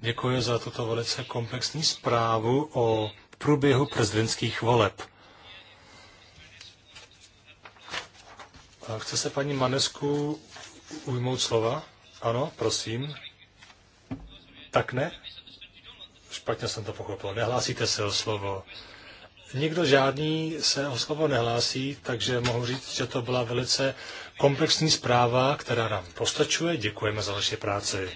Děkuji za tuto velice komplexní zprávu o průběhu prezidentských voleb. Chce se paní Manesku ujmout slova? Ano, prosím. Tak ne? Špatně jsem to pochopil. Nehlásíte se o slovo. Nikdo žádný se o slovo nehlásí, takže mohu říct, že to byla velice komplexní zpráva, která nám postačuje. Děkujeme za vaši práci.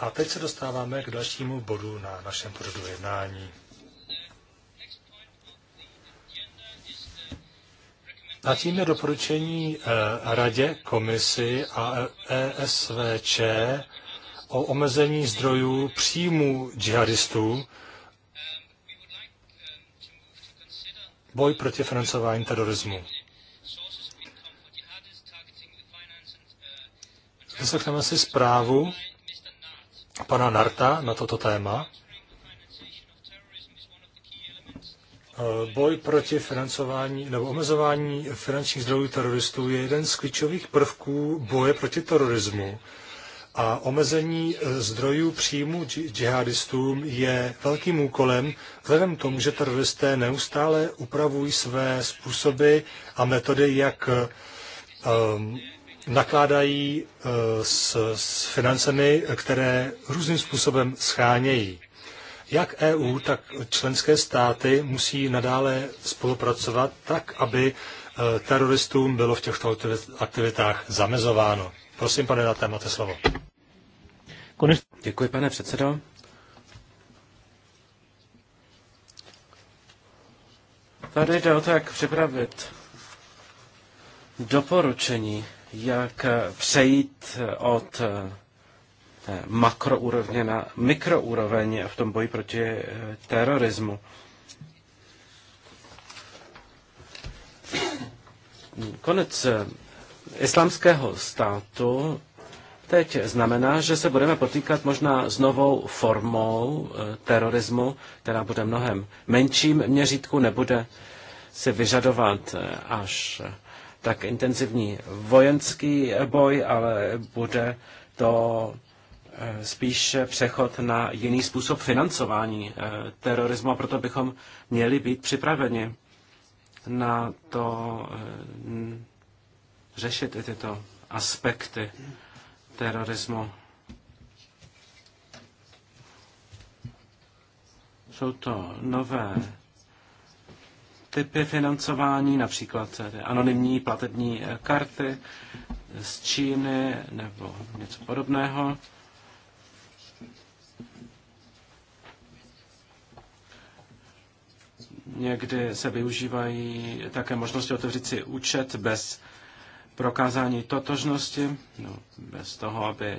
A teď se dostáváme k dalšímu bodu na našem pořadu jednání. A tím je doporučení eh, Radě, Komisi a ESVČ o omezení zdrojů příjmů džihadistů, boj proti financování terorismu. Vyslechneme si zprávu pana Narta na toto téma. E, boj proti financování nebo omezování finančních zdrojů teroristů je jeden z klíčových prvků boje proti terorismu. A omezení e, zdrojů příjmu džihadistům je velkým úkolem, vzhledem k tomu, že teroristé neustále upravují své způsoby a metody, jak um, nakládají eh, s, s financemi, které různým způsobem schánějí. Jak EU, tak členské státy musí nadále spolupracovat tak, aby eh, teroristům bylo v těchto aktivitách zamezováno. Prosím, pane Naté, máte slovo. Děkuji, pane předsedo. Tady jde o to, jak připravit doporučení jak přejít od eh, makroúrovně na mikroúroveň v tom boji proti eh, terorismu. Konec eh, islámského státu teď znamená, že se budeme potýkat možná s novou formou terorismu, která bude mnohem menším měřítku, nebude se vyžadovat až tak intenzivní vojenský boj, ale bude to eh, spíše přechod na jiný způsob financování eh, terorismu a proto bychom měli být připraveni na to eh, řešit i tyto aspekty terorismu. Jsou to nové typy financování, například eh, anonymní platební eh, karty z Číny nebo něco podobného. Někdy se využívají také možnosti otevřít si účet bez prokázání totožnosti, no, bez toho, aby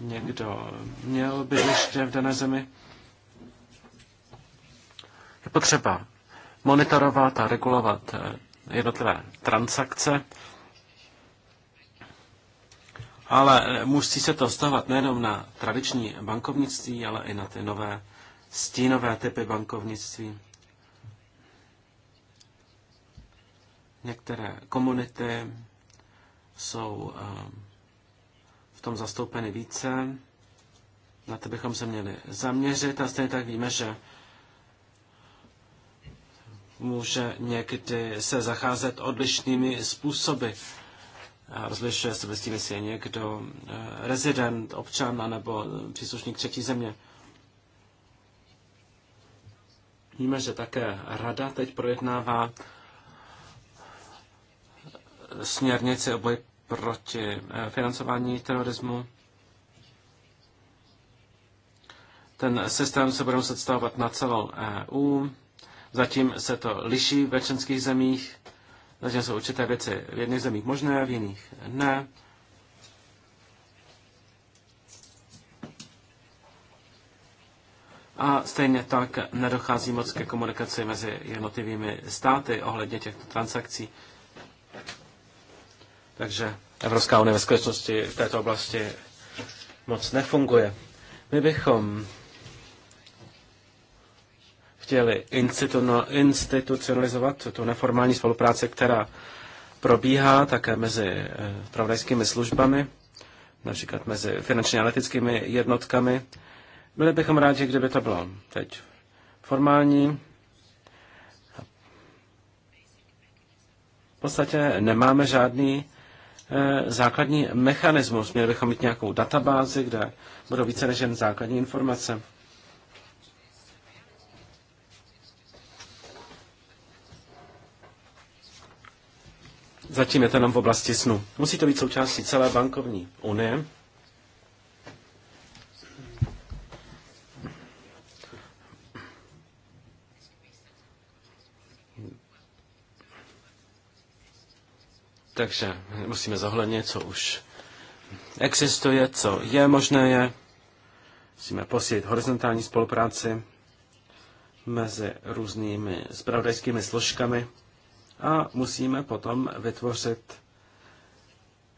někdo měl bydliště v dané zemi. Je potřeba monitorovat a regulovat eh, jednotlivé transakce. Ale eh, musí se to stahovat nejenom na tradiční bankovnictví, ale i na ty nové stínové typy bankovnictví. Některé komunity jsou eh, v tom zastoupeny více. Na to bychom se měli zaměřit a stejně tak víme, že může někdy se zacházet odlišnými způsoby. Rozlišuje se mezi tím, jestli je někdo eh, rezident, občan nebo příslušník třetí země. Víme, že také Rada teď projednává směrnici o boji proti eh, financování terorismu. Ten systém se bude muset stavovat na celou EU. Zatím se to liší ve členských zemích, takže jsou určité věci v jedných zemích možné, v jiných ne. A stejně tak nedochází moc ke komunikaci mezi jednotlivými státy ohledně těchto transakcí. Takže Evropská unie ve skutečnosti v této oblasti moc nefunguje. My bychom chtěli institucionalizovat tu neformální spolupráci, která probíhá také mezi eh, pravdajskými službami, například mezi finančně analytickými jednotkami. Byli bychom rádi, kdyby to bylo teď formální. V podstatě nemáme žádný eh, základní mechanismus. Měli bychom mít nějakou databázi, kde budou více než jen základní informace. Zatím je to jenom v oblasti snu. Musí to být součástí celé bankovní unie. Takže musíme zohlednit, co už existuje, co je možné je. Musíme posílit horizontální spolupráci mezi různými spravodajskými složkami a musíme potom vytvořit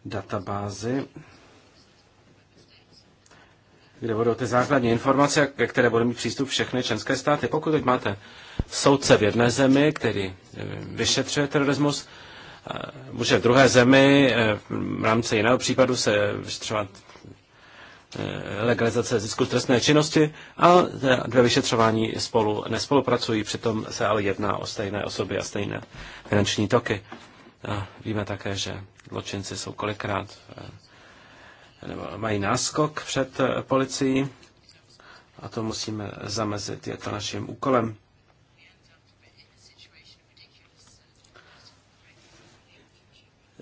databázy, kde budou ty základní informace, ke které budou mít přístup všechny členské státy. Pokud teď máte soudce v jedné zemi, který eh, vyšetřuje terorismus, eh, může v druhé zemi eh, v rámci jiného případu se vyšetřovat Eh, legalizace zisku trestné činnosti a dvě vyšetřování spolu nespolupracují, přitom se ale jedná o stejné osoby a stejné finanční toky. A víme také, že zločinci jsou kolikrát eh, nebo mají náskok před eh, policií a to musíme zamezit, je to naším úkolem.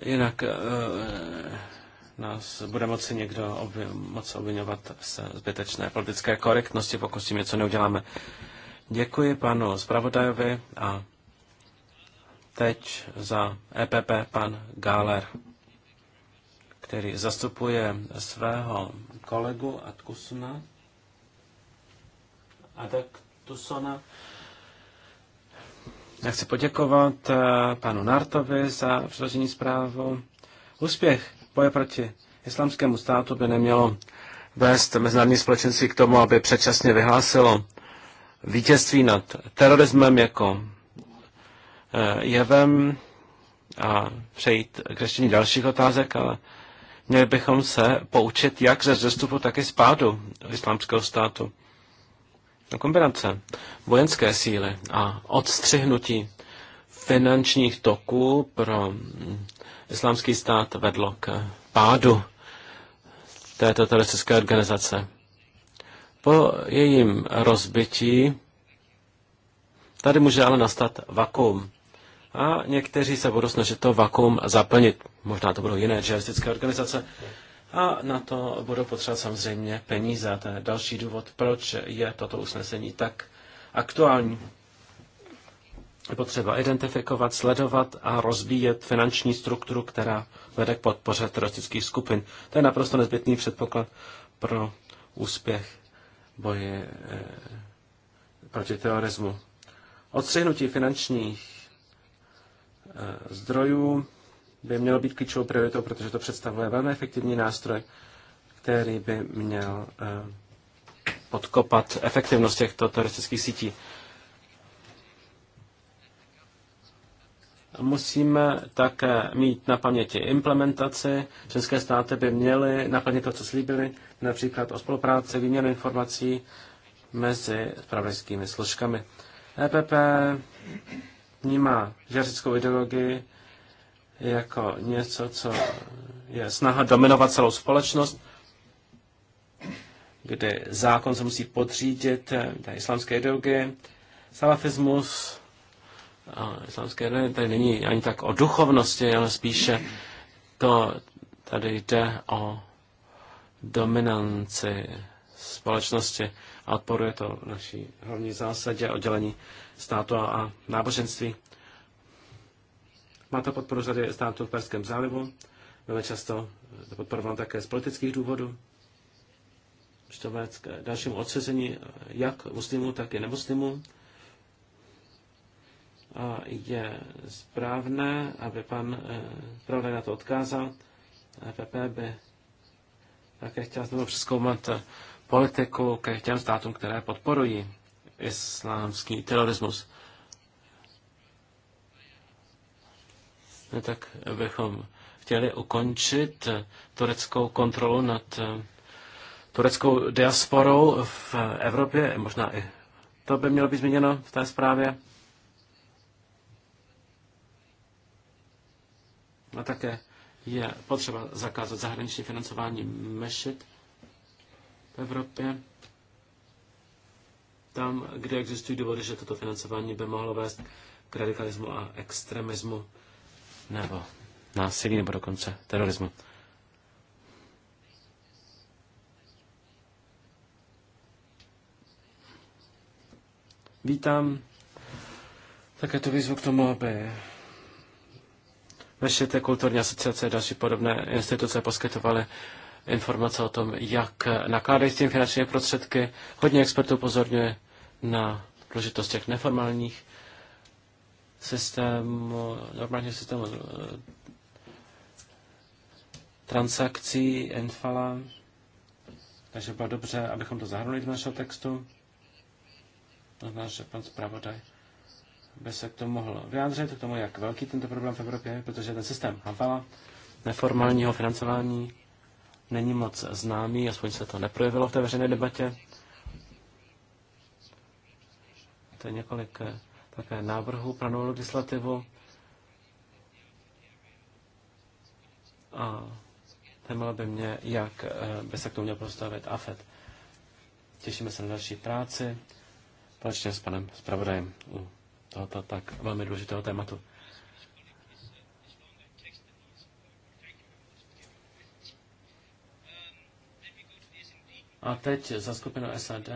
Jinak nás bude moci někdo obvi, moc obvinovat se zbytečné politické korektnosti, pokud s tím něco neuděláme. Děkuji panu zpravodajovi a teď za EPP pan Gáler, který zastupuje svého kolegu Atkusuna Adaktusona. Já chci poděkovat eh, panu Nartovi za předložení zprávu. Úspěch boje proti islamskému státu by nemělo vést mezinárodní společenství k tomu, aby předčasně vyhlásilo vítězství nad terorismem jako eh, jevem a přejít k řešení dalších otázek, ale měli bychom se poučit jak ze zestupu, tak i z pádu islámského státu. No, kombinace vojenské síly a odstřihnutí finančních toků pro islámský stát vedlo k pádu této teroristické organizace. Po jejím rozbití tady může ale nastat vakuum. A někteří se budou snažit to vakuum zaplnit. Možná to budou jiné džihadistické organizace. A na to budou potřebovat samozřejmě peníze. To je další důvod, proč je toto usnesení tak aktuální. Je potřeba identifikovat, sledovat a rozvíjet finanční strukturu, která vede k podpoře teroristických skupin. To je naprosto nezbytný předpoklad pro úspěch boje eh, proti terorismu. Odstřihnutí finančních eh, zdrojů by mělo být klíčovou prioritou, protože to představuje velmi efektivní nástroj, který by měl eh, podkopat efektivnost těchto teroristických sítí. Musíme také mít na paměti implementaci. České státy by měly naplnit to, co slíbili, například o spolupráci, výměnu informací mezi spravodajskými složkami. EPP vnímá žařickou ideologii jako něco, co je snaha dominovat celou společnost, kdy zákon se musí podřídit té islámské ideologii. Salafismus a islámské religie, tady není ani tak o duchovnosti, ale spíše to tady jde o dominanci společnosti a odporuje to naší hlavní zásadě oddělení státu a náboženství. Má to podporu řady států v Perském zálivu, velmi často to podporováno také z politických důvodů, že to k dalšímu odsezení jak muslimů, tak i nemuslimů. A je správné, aby pan eh, zpravodaj na to odkázal. PP by také chtěl znovu přeskoumat eh, politiku ke těm státům, které podporují islámský terorismus. No tak bychom chtěli ukončit eh, tureckou kontrolu nad tureckou diasporou v Evropě, možná i to by mělo být změněno v té zprávě. A také je potřeba zakázat zahraniční financování mešit v Evropě. Tam, kde existují důvody, že toto financování by mohlo vést k radikalismu a extremismu nebo násilí nebo dokonce terorismu. Vítám také tu výzvu k tomu, aby naše té kulturní asociace a další podobné instituce poskytovaly informace o tom, jak nakládají s tím finanční prostředky. Hodně expertů pozorňuje na důležitost těch neformálních systémů, normálního systému eh, transakcí infala. Takže bylo dobře, abychom to zahrnuli do našeho textu. To že pan zpravodaj by se k tomu mohl vyjádřit, k tomu, jak velký tento problém v Evropě je, protože ten systém Havala neformálního financování není moc známý, aspoň se to neprojevilo v té veřejné debatě. To je několik eh, také návrhů pro novou legislativu. A zajímalo by mě, jak eh, by se k tomu měl postavit AFED. Těšíme se na další práci společně s panem zpravodajem u tohoto tak velmi důležitého tématu. A teď za skupinu SAD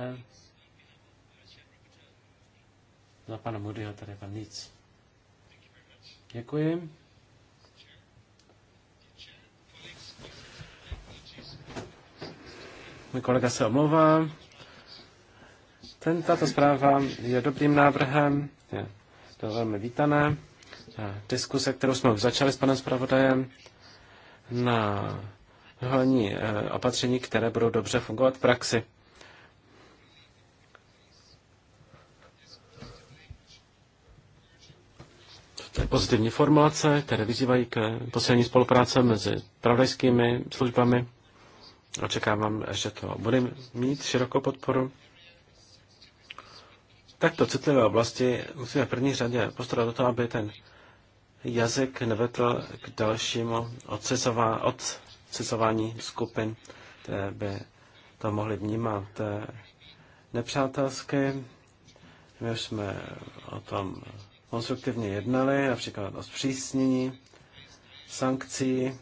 za pana Moodyho tady pan Nic. Děkuji. Můj kolega se omlouvá. Tento tato zpráva je dobrým návrhem je to velmi vítané. Diskuse, kterou jsme už začali s panem zpravodajem na hlavní eh, opatření, které budou dobře fungovat v praxi. pozitivní formulace, které vyzývají k posilní spolupráce mezi pravdajskými službami. Očekávám, že to bude mít širokou podporu takto citlivé oblasti musíme v první řadě postarat o to, aby ten jazyk nevedl k dalšímu odcizování skupin, které by to mohly vnímat eh, nepřátelsky. My už jsme o tom konstruktivně jednali, například o zpřísnění sankcí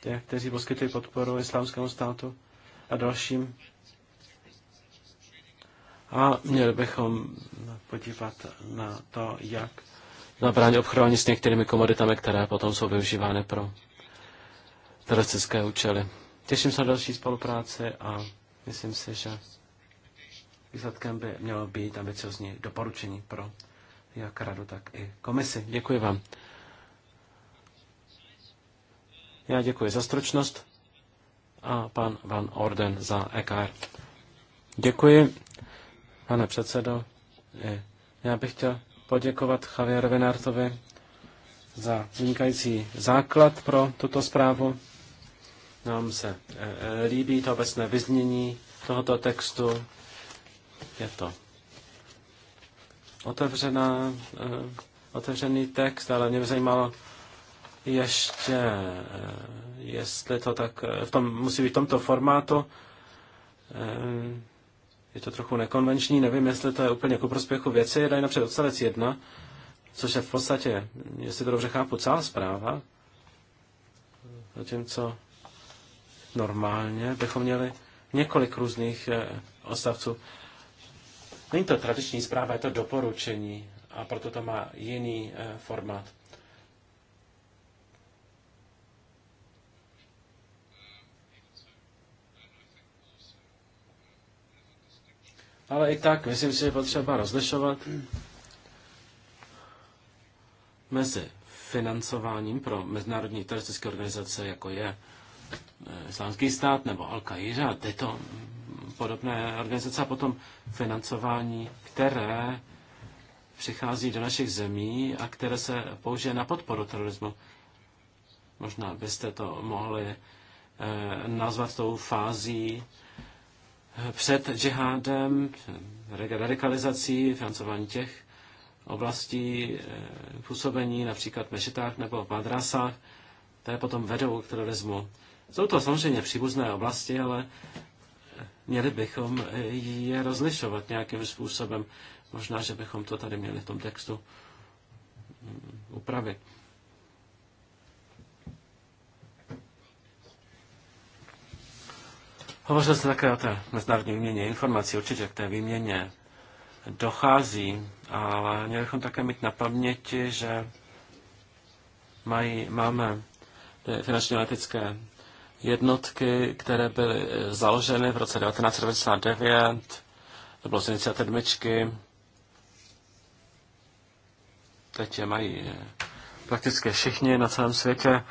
těch, kteří poskytují podporu islámskému státu a dalším a měli bychom podívat na to, jak zabrání obchodování s některými komoditami, které potom jsou využívány pro teroristické účely. Těším se na další spolupráci a myslím si, že výsledkem by mělo být ambiciozní doporučení pro jak radu, tak i komisi. Děkuji vám. Já děkuji za stručnost a pan Van Orden za EKR. Děkuji. Pane předsedo, já bych chtěl poděkovat Javier Venartovi za vynikající základ pro tuto zprávu. Nám se e, e, líbí to obecné vyznění tohoto textu. Je to otevřená, e, otevřený text, ale mě by zajímalo ještě, jestli to tak v tom, musí být v tomto formátu je to trochu nekonvenční, nevím, jestli to je úplně ku prospěchu věci. Dají napřed odstavec 1, což je v podstatě, jestli to dobře chápu, celá zpráva. Zatímco normálně bychom měli několik různých eh, odstavců. Není to tradiční zpráva, je to doporučení a proto to má jiný eh, formát. Ale i tak, myslím si, že potřeba rozlišovat mezi financováním pro mezinárodní teroristické organizace, jako je eh, Islámský stát nebo Al-Qaida a tyto podobné organizace a potom financování, které přichází do našich zemí a které se použije na podporu terorismu. Možná byste to mohli eh, nazvat tou fází před džihádem, radikalizací, financování těch oblastí eh, působení, například v mešitách nebo v madrasách, které potom vedou k terorismu. Jsou to samozřejmě příbuzné oblasti, ale měli bychom je rozlišovat nějakým způsobem. Možná, že bychom to tady měli v tom textu mm, upravit. Hovořil jste také o té mezinárodní výměně informací, určitě k té výměně dochází, ale měli bychom také mít na paměti, že mají, máme finančně letické jednotky, které byly eh, založeny v roce 1999, to bylo z iniciativy Myčky. Teď je mají eh, prakticky všichni na celém světě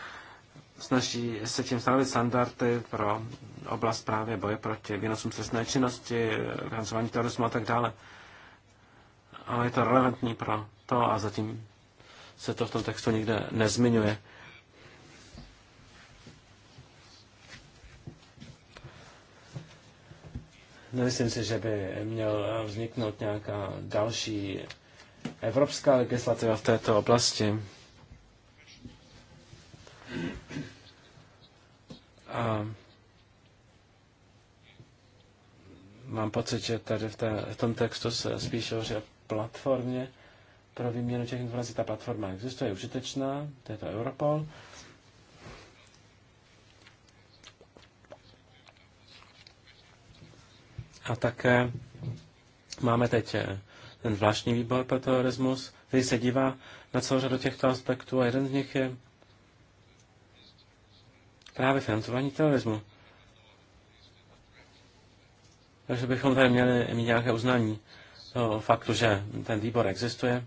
snaží se tím stanovit standardy pro oblast právě boje proti výnosům trestné činnosti, financování terorismu a tak dále. Ale je to relevantní pro to a zatím se to v tom textu nikde nezmiňuje. Nemyslím si, že by měl vzniknout nějaká další evropská legislativa v této oblasti. A mám pocit, že tady v, té, v tom textu se spíš hovoří o platformě pro výměnu těch informací. Ta platforma existuje, je užitečná, to je to Europol. A také máme teď eh, ten zvláštní výbor pro terorismus, který se dívá na celou řadu těchto aspektů a jeden z nich je právě financování terorismu. Takže bychom tady měli mít nějaké uznání toho faktu, že ten výbor existuje,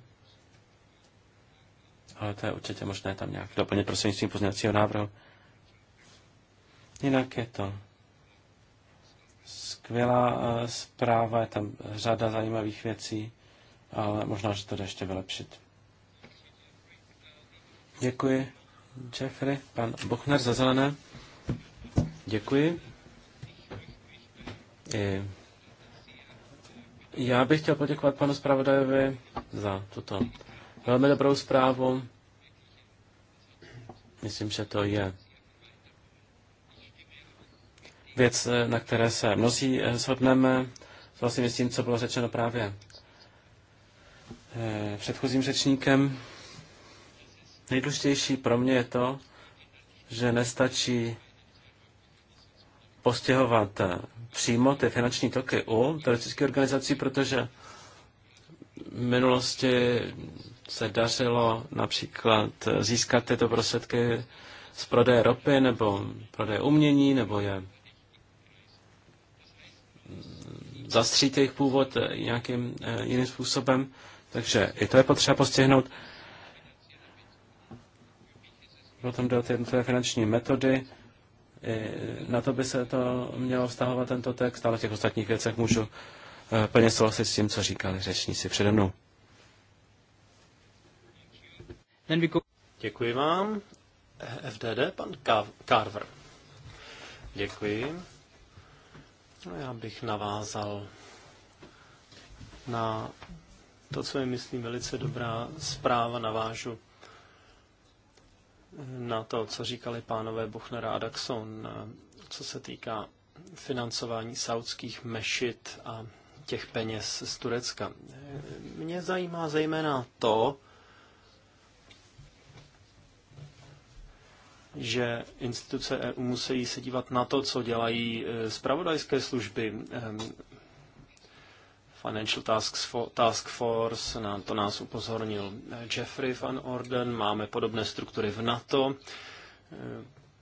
ale to je určitě možné tam nějak doplnit prostřednictvím pozměňovacího návrhu. Jinak je to skvělá eh, zpráva, je tam řada zajímavých věcí, ale možná, že to jde ještě vylepšit. Děkuji. Jeffrey, pan Bochner za zelené. Děkuji. I já bych chtěl poděkovat panu zpravodajovi za tuto velmi dobrou zprávu. Myslím, že to je věc, na které se mnozí eh, shodneme. Vlastně s tím, co bylo řečeno právě eh, předchozím řečníkem. Nejdůležitější pro mě je to, že nestačí postěhovat eh, přímo ty finanční toky u teroristických organizací, protože v minulosti se dařilo například získat tyto prostředky z prodeje ropy nebo prodeje umění, nebo je zastřít jejich původ eh, nějakým eh, jiným způsobem. Takže i to je potřeba postihnout. Potom jde o ty jednotlivé finanční metody. I na to by se to mělo vztahovat tento text, ale v těch ostatních věcech můžu eh, plně souhlasit s tím, co říkali řečníci přede mnou. Děkuji vám. FDD, pan Carver. Děkuji. No já bych navázal na to, co je, myslím, velice dobrá zpráva. Navážu na to, co říkali pánové Buchner a Daxon, co se týká financování saudských mešit a těch peněz z Turecka. Mě zajímá zejména to, že instituce EU musí se dívat na to, co dělají eh, zpravodajské služby, eh, Financial Task Force, na to nás upozornil eh, Jeffrey van Orden, máme podobné struktury v NATO. Eh,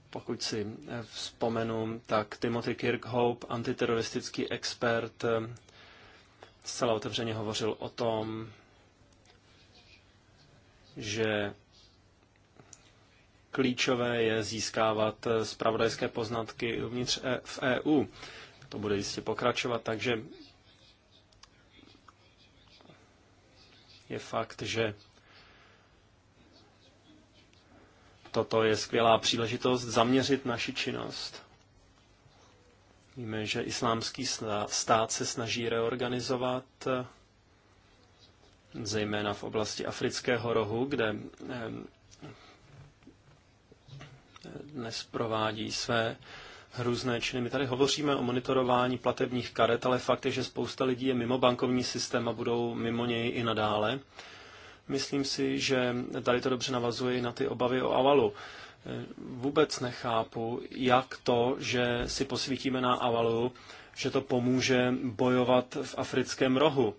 pokud si eh, vzpomenu, tak Timothy Kirkhope, antiteroristický expert, zcela otevřeně hovořil o tom, že klíčové je získávat spravodajské poznatky uvnitř e- v EU. To bude jistě pokračovat, takže je fakt, že toto je skvělá příležitost zaměřit naši činnost. Víme, že islámský stát se snaží reorganizovat zejména v oblasti Afrického rohu, kde dnes provádí své různé činy. My tady hovoříme o monitorování platebních karet, ale fakt je, že spousta lidí je mimo bankovní systém a budou mimo něj i nadále. Myslím si, že tady to dobře navazuje i na ty obavy o avalu. Vůbec nechápu, jak to, že si posvítíme na avalu, že to pomůže bojovat v africkém rohu.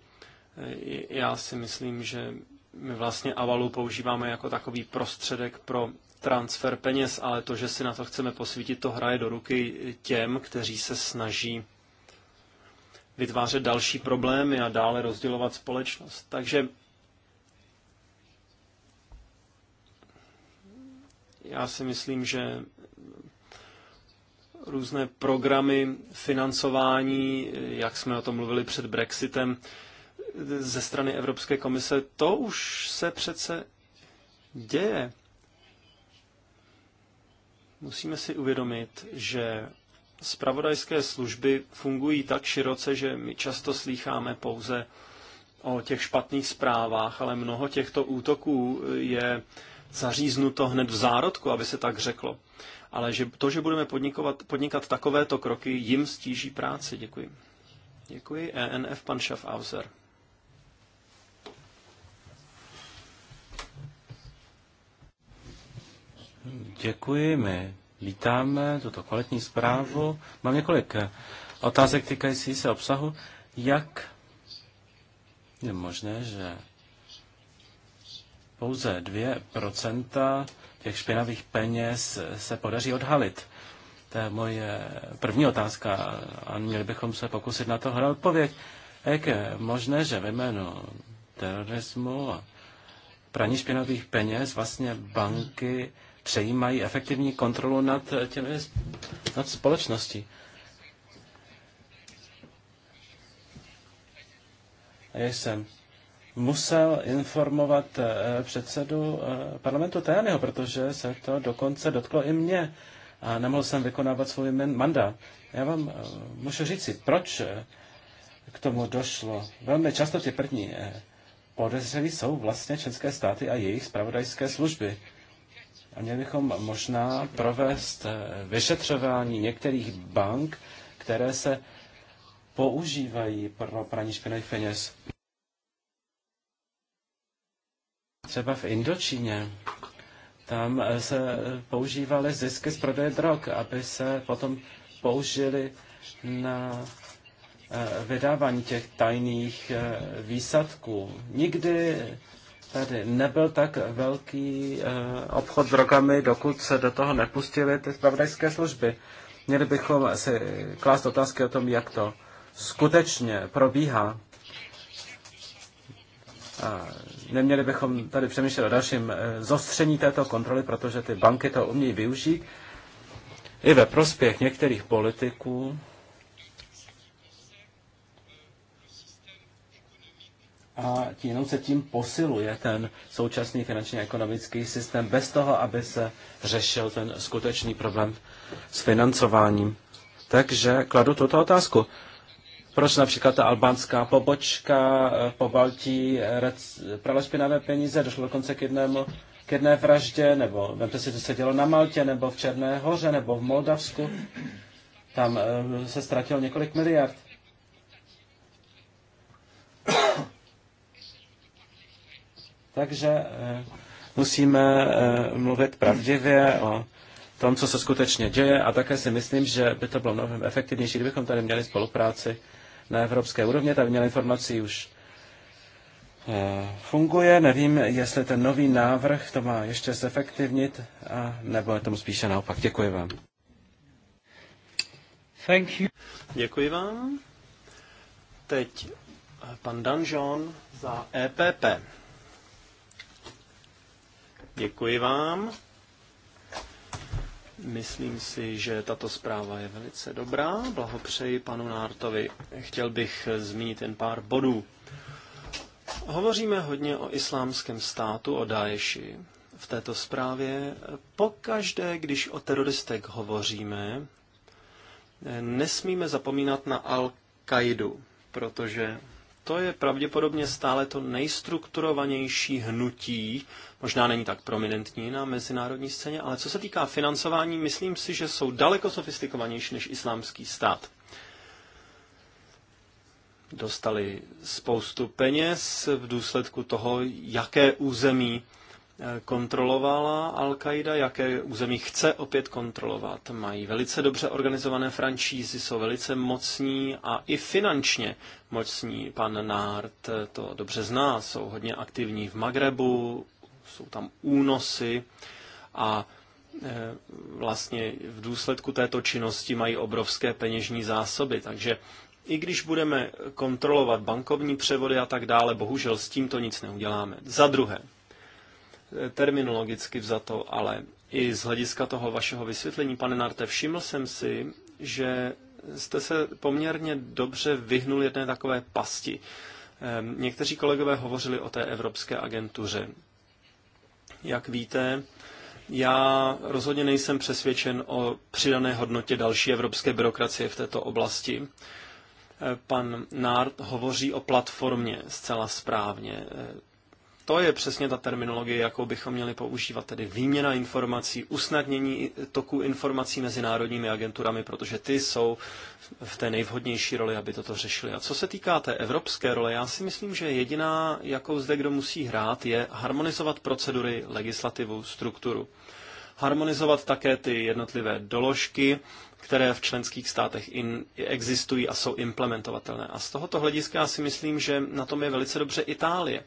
Já si myslím, že my vlastně avalu používáme jako takový prostředek pro transfer peněz, ale to, že si na to chceme posvítit, to hraje do ruky těm, kteří se snaží vytvářet další problémy a dále rozdělovat společnost. Takže já si myslím, že různé programy financování, jak jsme o tom mluvili před Brexitem, ze strany Evropské komise, to už se přece děje. Musíme si uvědomit, že spravodajské služby fungují tak široce, že my často slýcháme pouze o těch špatných zprávách, ale mnoho těchto útoků je zaříznuto hned v zárodku, aby se tak řeklo. Ale že to, že budeme podnikovat, podnikat takovéto kroky, jim stíží práci. Děkuji. Děkuji. ENF pan Schaffhauser. Děkuji, my vítáme tuto kvalitní zprávu. Mám několik eh, otázek týkající se obsahu. Jak je možné, že pouze 2% těch špinavých peněz se podaří odhalit? To je moje první otázka a měli bychom se pokusit na to hledat odpověď. Jak je možné, že ve jménu terorismu a praní špinavých peněz vlastně banky přejímají efektivní kontrolu nad, eh, těmi, nad společností. A jsem musel informovat eh, předsedu eh, parlamentu Tajanyho, protože se to dokonce dotklo i mě a nemohl jsem vykonávat svůj mandát. Já vám můžu říci, proč k tomu došlo. Velmi často ty první podezřelí jsou vlastně české státy a jejich spravodajské služby. A měli bychom možná provést eh, vyšetřování některých bank, které se používají pro praní špinavých peněz. Třeba v Indočíně. Tam eh, se používaly zisky z prodeje drog, aby se potom použili na eh, vydávání těch tajných výsadků. Nikdy tady nebyl tak velký eh, obchod s drogami, dokud se do toho nepustily ty spravodajské služby. Měli bychom si klást otázky o tom, jak to skutečně probíhá. A neměli bychom tady přemýšlet o dalším eh, zostření této kontroly, protože ty banky to umějí využít i ve prospěch některých politiků, a jenom se tím posiluje ten současný finančně ekonomický systém bez toho, aby se řešil ten skutečný problém s financováním. Takže kladu tuto otázku. Proč například ta albánská pobočka eh, po Baltí eh, prala špinavé peníze, došlo dokonce k jednému k jedné vraždě, nebo vemte si, co se dělo na Maltě, nebo v Černé hoře, nebo v Moldavsku. Tam eh, se ztratilo několik miliard. Takže eh, musíme eh, mluvit pravdivě o tom, co se skutečně děje a také si myslím, že by to bylo mnohem efektivnější, kdybychom tady měli spolupráci na evropské úrovně, ta měla informací už eh, funguje. Nevím, jestli ten nový návrh to má ještě zefektivnit, a nebo je tomu spíše naopak. Děkuji vám. Thank you. Děkuji vám. Teď pan Danjon za EPP. Děkuji vám. Myslím si, že tato zpráva je velice dobrá. Blahopřeji panu Nártovi. Chtěl bych zmínit jen pár bodů. Hovoříme hodně o islámském státu, o Daeši. V této zprávě pokaždé, když o teroristech hovoříme, nesmíme zapomínat na Al-Kaidu, protože to je pravděpodobně stále to nejstrukturovanější hnutí, možná není tak prominentní na mezinárodní scéně, ale co se týká financování, myslím si, že jsou daleko sofistikovanější než islámský stát. Dostali spoustu peněz v důsledku toho, jaké území kontrolovala Al-Qaida, jaké území chce opět kontrolovat. Mají velice dobře organizované franšízy, jsou velice mocní a i finančně mocní. Pan Nart to dobře zná, jsou hodně aktivní v Magrebu, jsou tam únosy a e, vlastně v důsledku této činnosti mají obrovské peněžní zásoby, takže i když budeme kontrolovat bankovní převody a tak dále, bohužel s tímto nic neuděláme. Za druhé, terminologicky vzato, ale i z hlediska toho vašeho vysvětlení, pane Narte, všiml jsem si, že jste se poměrně dobře vyhnul jedné takové pasti. Ehm, někteří kolegové hovořili o té Evropské agentuře. Jak víte, já rozhodně nejsem přesvědčen o přidané hodnotě další evropské byrokracie v této oblasti. Ehm, pan Nárd hovoří o platformě zcela správně. Ehm, to je přesně ta terminologie, jakou bychom měli používat, tedy výměna informací, usnadnění toku informací mezi národními agenturami, protože ty jsou v té nejvhodnější roli, aby toto řešili. A co se týká té evropské role, já si myslím, že jediná, jakou zde kdo musí hrát, je harmonizovat procedury, legislativu, strukturu. Harmonizovat také ty jednotlivé doložky, které v členských státech in, existují a jsou implementovatelné. A z tohoto hlediska já si myslím, že na tom je velice dobře Itálie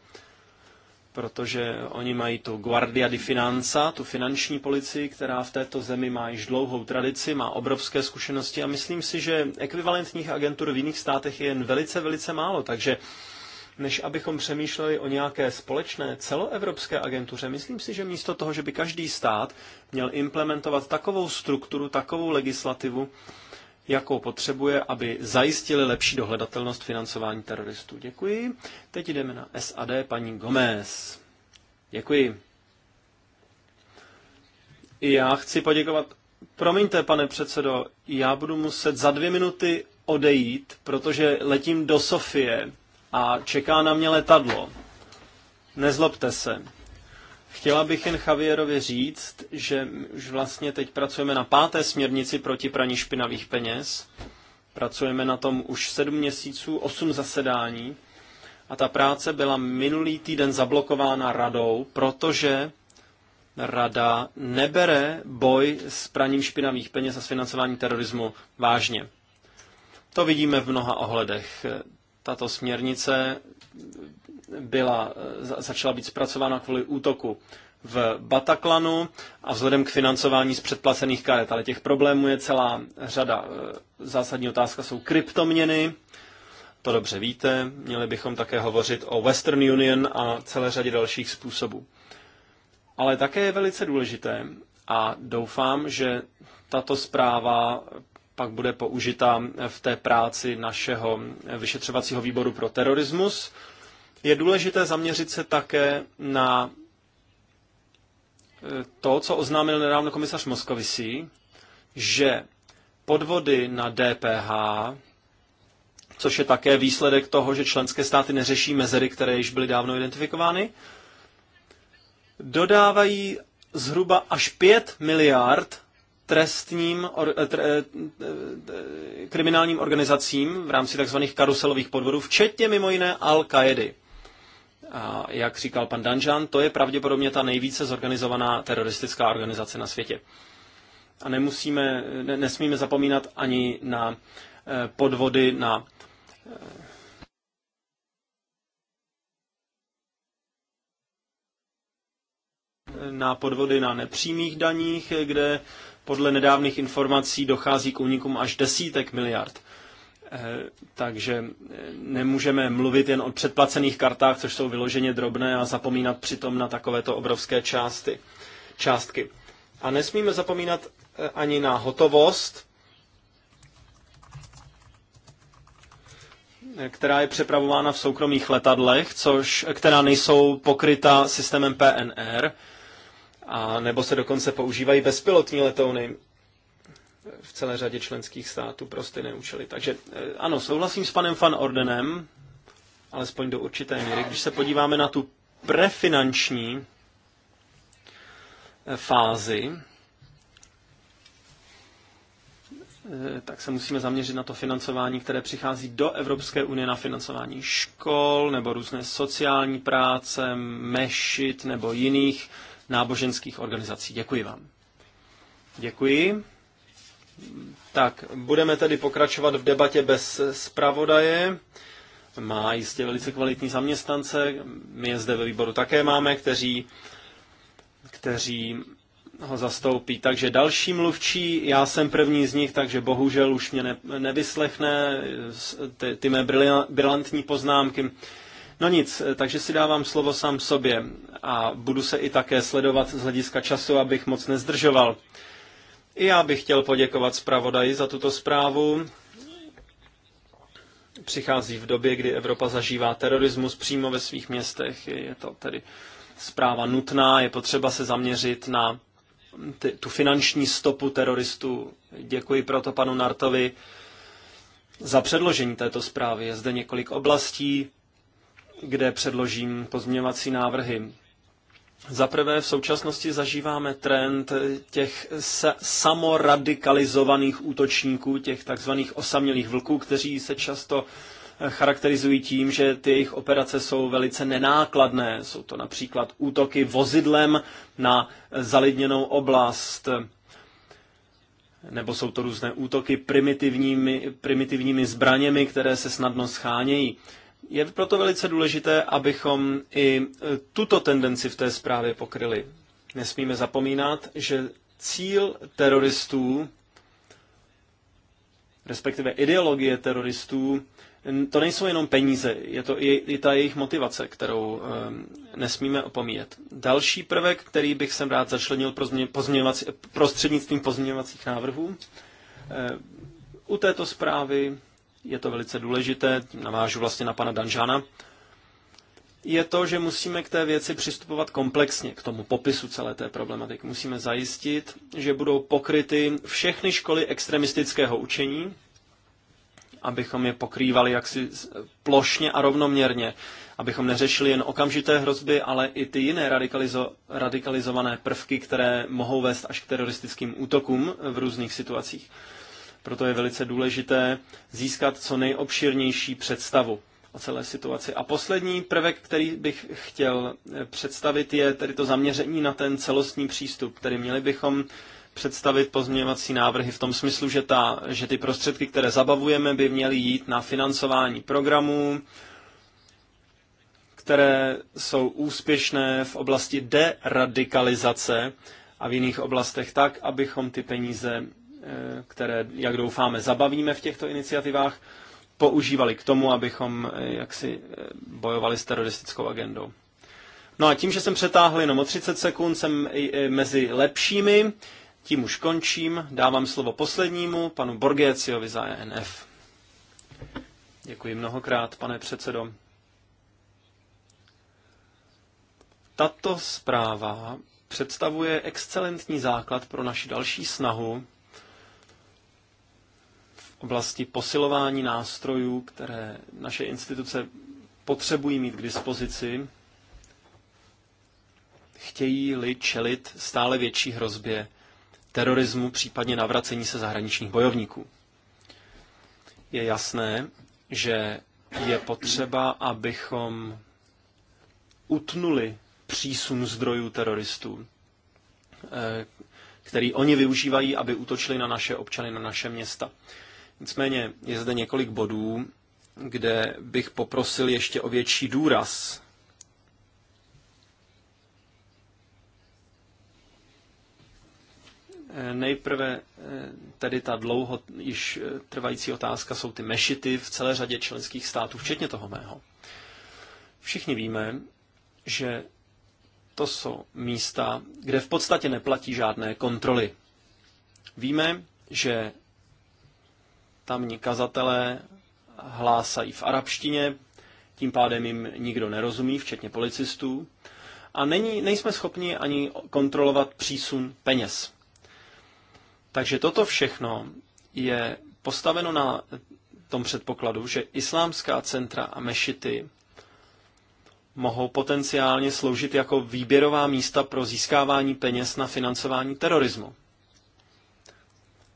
protože oni mají tu Guardia di Finanza, tu finanční policii, která v této zemi má již dlouhou tradici, má obrovské zkušenosti a myslím si, že ekvivalentních agentur v jiných státech je jen velice, velice málo, takže než abychom přemýšleli o nějaké společné celoevropské agentuře, myslím si, že místo toho, že by každý stát měl implementovat takovou strukturu, takovou legislativu, jakou potřebuje, aby zajistili lepší dohledatelnost financování teroristů. Děkuji. Teď jdeme na SAD paní Gomez. Děkuji. Já chci poděkovat. Promiňte, pane předsedo, já budu muset za dvě minuty odejít, protože letím do Sofie a čeká na mě letadlo. Nezlobte se. Chtěla bych jen Javierovi říct, že už vlastně teď pracujeme na páté směrnici proti praní špinavých peněz. Pracujeme na tom už sedm měsíců, osm zasedání. A ta práce byla minulý týden zablokována radou, protože rada nebere boj s praním špinavých peněz a s financováním terorismu vážně. To vidíme v mnoha ohledech. Tato směrnice byla, začala být zpracována kvůli útoku v Bataklanu a vzhledem k financování z předplacených karet. Ale těch problémů je celá řada. E, zásadní otázka jsou kryptoměny, to dobře víte. Měli bychom také hovořit o Western Union a celé řadě dalších způsobů. Ale také je velice důležité a doufám, že tato zpráva pak bude použita v té práci našeho vyšetřovacího výboru pro terorismus. Je důležité zaměřit se také na eh, to, co oznámil nedávno komisař Moskovisí, že podvody na DPH, což je také výsledek toho, že členské státy neřeší mezery, které již byly dávno identifikovány, dodávají zhruba až 5 miliard trestním, or, eh, tre, eh, eh, kriminálním organizacím v rámci tzv. karuselových podvodů, včetně mimo jiné Al-Kaedy. A jak říkal pan Danžan, to je pravděpodobně ta nejvíce zorganizovaná teroristická organizace na světě. A nemusíme, ne, nesmíme zapomínat ani na podvody na na podvody na nepřímých daních, kde podle nedávných informací dochází k únikům až desítek miliard. Eh, takže eh, nemůžeme mluvit jen o předplacených kartách, což jsou vyloženě drobné, a zapomínat přitom na takovéto obrovské části, částky. A nesmíme zapomínat eh, ani na hotovost, která je přepravována v soukromých letadlech, což, která nejsou pokryta systémem PNR, a nebo se dokonce používají bezpilotní letouny v celé řadě členských států pro stejné účely. Takže eh, ano, souhlasím s panem Van Ordenem, alespoň do určité míry. Když se podíváme na tu prefinanční eh, fázi, eh, tak se musíme zaměřit na to financování, které přichází do Evropské unie na financování škol nebo různé sociální práce, mešit nebo jiných náboženských organizací. Děkuji vám. Děkuji. Tak, budeme tedy pokračovat v debatě bez zpravodaje. Má jistě velice kvalitní zaměstnance. My je zde ve výboru také máme, kteří, kteří ho zastoupí. Takže další mluvčí, já jsem první z nich, takže bohužel už mě ne, nevyslechne ty, ty mé brilantní poznámky. No nic, takže si dávám slovo sám sobě a budu se i také sledovat z hlediska času, abych moc nezdržoval. I já bych chtěl poděkovat zpravodaji za tuto zprávu. Přichází v době, kdy Evropa zažívá terorismus přímo ve svých městech. Je to tedy zpráva nutná, je potřeba se zaměřit na ty, tu finanční stopu teroristů. Děkuji proto panu Nartovi za předložení této zprávy. Je zde několik oblastí, kde předložím pozměňovací návrhy. Za prvé v současnosti zažíváme trend těch samoradikalizovaných útočníků, těch takzvaných osamělých vlků, kteří se často eh, charakterizují tím, že ty jejich operace jsou velice nenákladné. Jsou to například útoky vozidlem na zalidněnou oblast, nebo jsou to různé útoky primitivními, primitivními zbraněmi, které se snadno schánějí. Je proto velice důležité, abychom i e, tuto tendenci v té zprávě pokryli. Nesmíme zapomínat, že cíl teroristů, respektive ideologie teroristů, to nejsou jenom peníze, je to i, i ta jejich motivace, kterou um, nesmíme opomíjet. Další prvek, který bych sem rád začlenil pro změ, pozměňovací, prostřednictvím pozměňovacích návrhů, uh, u této zprávy je to velice důležité, tím navážu vlastně na pana Danžana, je to, že musíme k té věci přistupovat komplexně, k tomu popisu celé té problematiky. Musíme zajistit, že budou pokryty všechny školy extremistického učení, abychom je pokrývali jaksi plošně a rovnoměrně, abychom neřešili jen okamžité hrozby, ale i ty jiné radikalizo- radikalizované prvky, které mohou vést až k teroristickým útokům v různých situacích. Proto je velice důležité získat co nejobširnější představu o celé situaci. A poslední prvek, který bych chtěl eh, představit, je tedy to zaměření na ten celostní přístup, tedy měli bychom představit pozměňovací návrhy v tom smyslu, že, ta, že ty prostředky, které zabavujeme, by měly jít na financování programů, které jsou úspěšné v oblasti deradikalizace a v jiných oblastech tak, abychom ty peníze Eh, které, jak doufáme, zabavíme v těchto iniciativách, používali k tomu, abychom eh, jaksi eh, bojovali s teroristickou agendou. No a tím, že jsem přetáhl jenom o 30 sekund, jsem mezi lepšími. Tím už končím. Dávám slovo poslednímu, panu Borgéciovi za ENF. Děkuji mnohokrát, pane předsedo. Tato zpráva představuje excelentní základ pro naši další snahu oblasti posilování nástrojů, které naše instituce potřebují mít k dispozici, chtějí-li čelit stále větší hrozbě terorismu, případně navracení se zahraničních bojovníků. Je jasné, že je potřeba, abychom utnuli přísun zdrojů teroristů, eh, který oni využívají, aby útočili na naše občany, na naše města. Nicméně je zde několik bodů, kde bych poprosil ještě o větší důraz Nejprve eh, tedy ta dlouho již eh, trvající otázka jsou ty mešity v celé řadě členských států, včetně toho mého. Všichni víme, že to jsou místa, kde v podstatě neplatí žádné kontroly. Víme, že tamní kazatelé hlásají v arabštině, tím pádem jim nikdo nerozumí, včetně policistů, a není, nejsme schopni ani kontrolovat přísun peněz. Takže toto všechno je postaveno na tom předpokladu, že islámská centra a mešity mohou potenciálně sloužit jako výběrová místa pro získávání peněz na financování terorismu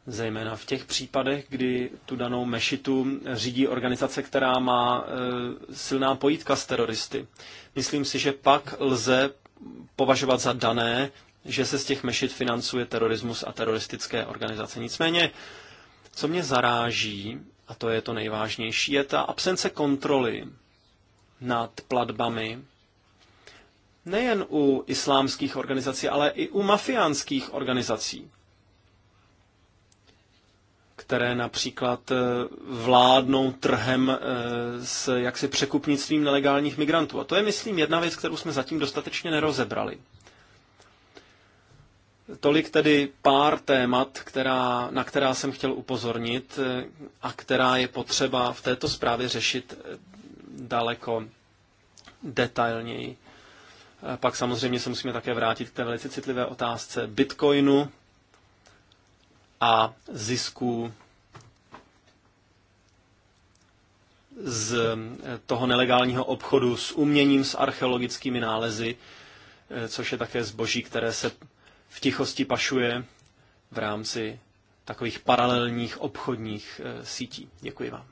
zejména v těch případech, kdy tu danou mešitu řídí organizace, která má e, silná pojítka s teroristy. Myslím si, že pak lze považovat za dané, že se z těch mešit financuje terorismus a teroristické organizace. Nicméně, co mě zaráží, a to je to nejvážnější, je ta absence kontroly nad platbami nejen u islámských organizací, ale i u mafiánských organizací které například eh, vládnou trhem eh, s jaksi překupnictvím nelegálních migrantů. A to je, myslím, jedna věc, kterou jsme zatím dostatečně nerozebrali. Tolik tedy pár témat, která, na která jsem chtěl upozornit eh, a která je potřeba v této zprávě řešit daleko detailněji. Pak samozřejmě se musíme také vrátit k té velice citlivé otázce Bitcoinu a zisků z eh, toho nelegálního obchodu s uměním, s archeologickými nálezy, eh, což je také zboží, které se v tichosti pašuje v rámci takových paralelních obchodních eh, sítí. Děkuji vám.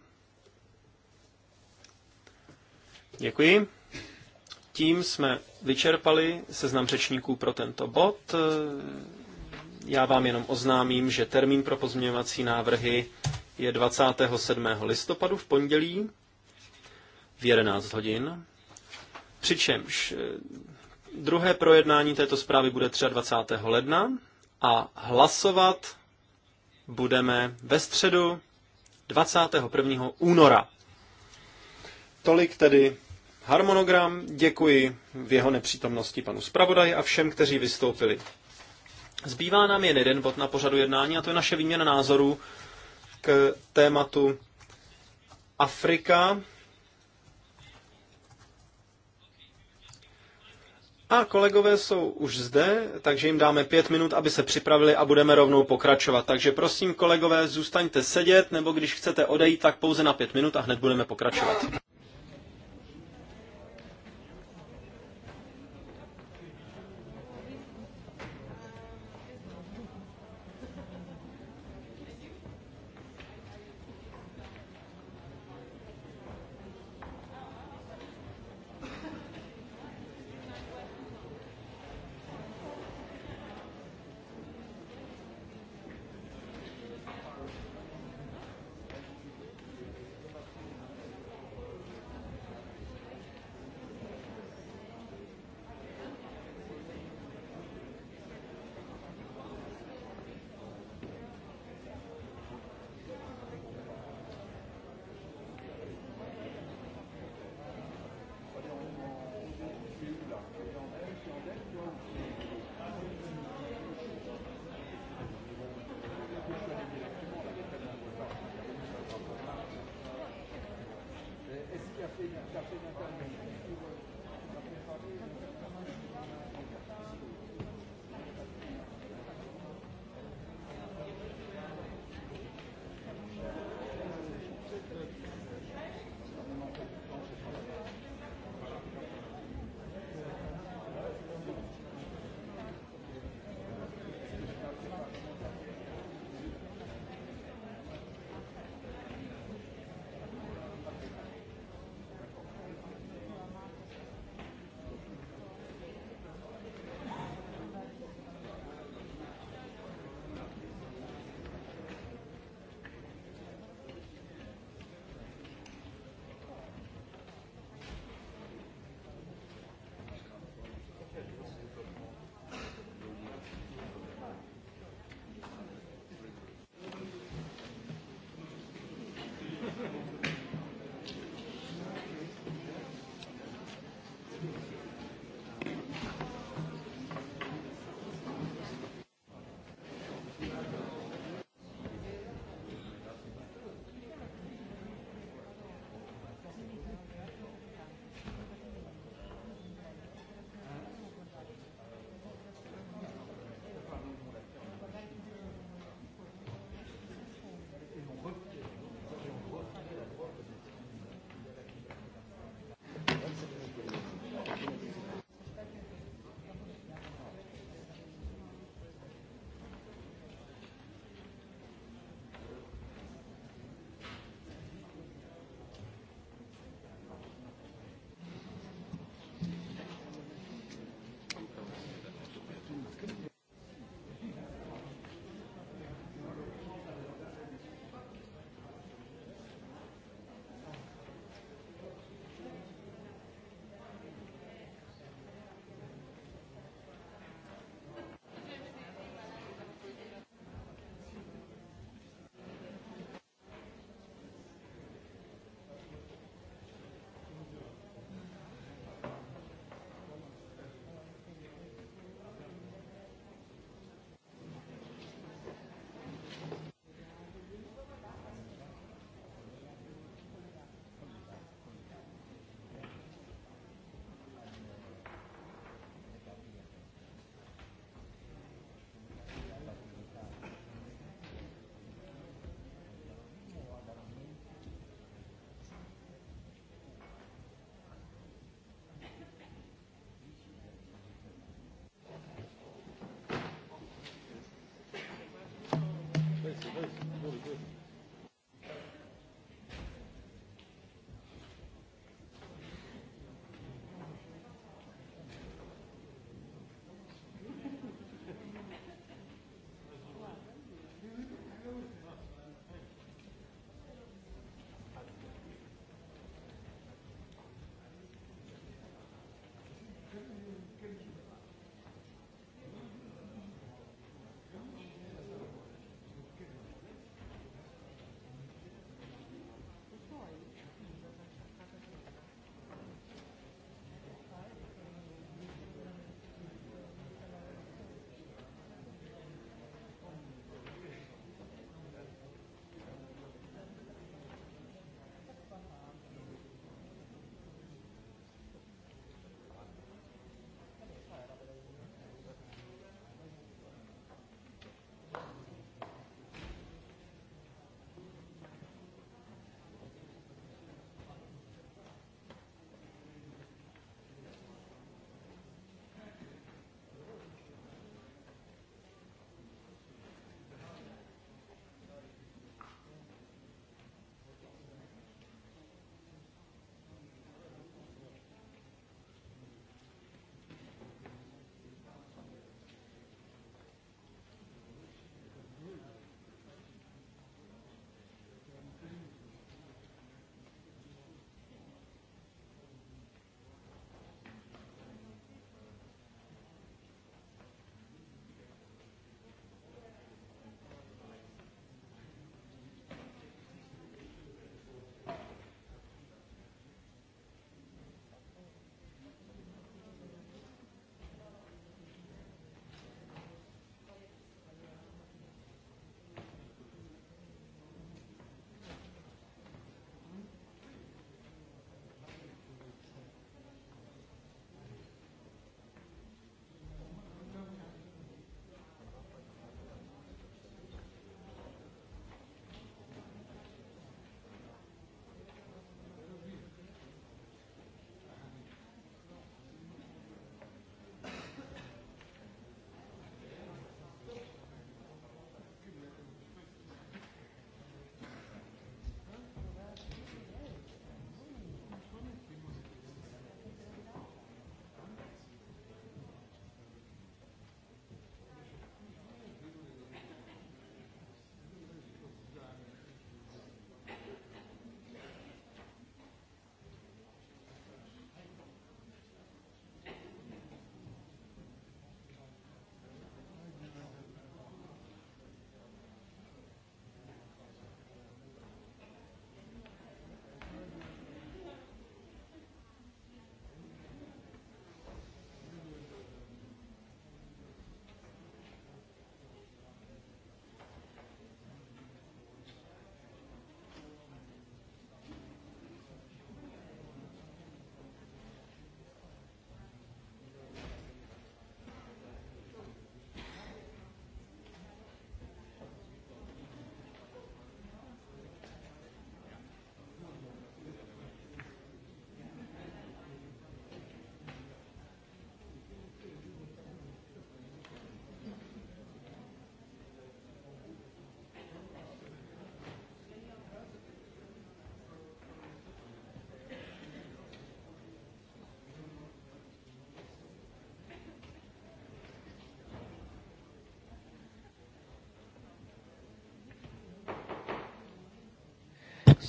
Děkuji. Tím jsme vyčerpali seznam řečníků pro tento bod. Já vám jenom oznámím, že termín pro pozměňovací návrhy je 27. listopadu v pondělí v 11 hodin. Přičemž eh, druhé projednání této zprávy bude 23. ledna a hlasovat budeme ve středu 21. února. Tolik tedy harmonogram. Děkuji v jeho nepřítomnosti panu zpravodaji a všem, kteří vystoupili. Zbývá nám jen jeden bod na pořadu jednání a to je naše výměna názorů k tématu Afrika. A kolegové jsou už zde, takže jim dáme pět minut, aby se připravili a budeme rovnou pokračovat. Takže prosím, kolegové, zůstaňte sedět, nebo když chcete odejít, tak pouze na pět minut a hned budeme pokračovat.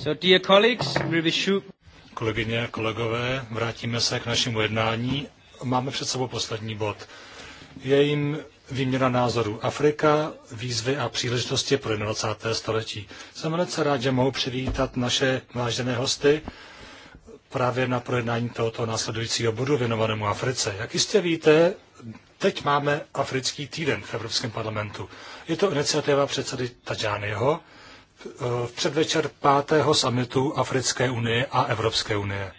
So dear colleagues, we wish you... Kolegyně, kolegové, vrátíme se k našemu jednání. Máme před sebou poslední bod. Je jim výměna názorů Afrika, výzvy a příležitosti pro 21. století. Jsem velice rád, že mohu přivítat naše vážené hosty právě na projednání tohoto následujícího bodu věnovanému Africe. Jak jistě víte, teď máme Africký týden v Evropském parlamentu. Je to iniciativa předsedy Tajányho, v předvečer pátého samitu Africké unie a Evropské unie.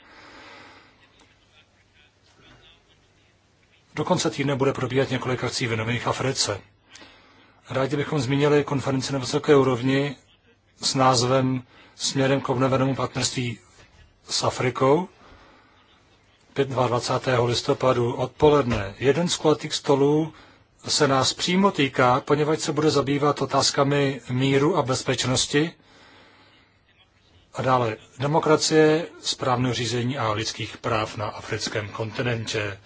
Do konce týdne bude probíhat několik akcí věnovaných Africe. Rádi bychom zmínili konferenci na vysoké úrovni s názvem Směrem k obnovenému partnerství s Afrikou 25. listopadu odpoledne. Jeden z kulatých stolů se nás přímo týká, poněvadž se bude zabývat otázkami míru a bezpečnosti a dále demokracie, správného řízení a lidských práv na africkém kontinentě.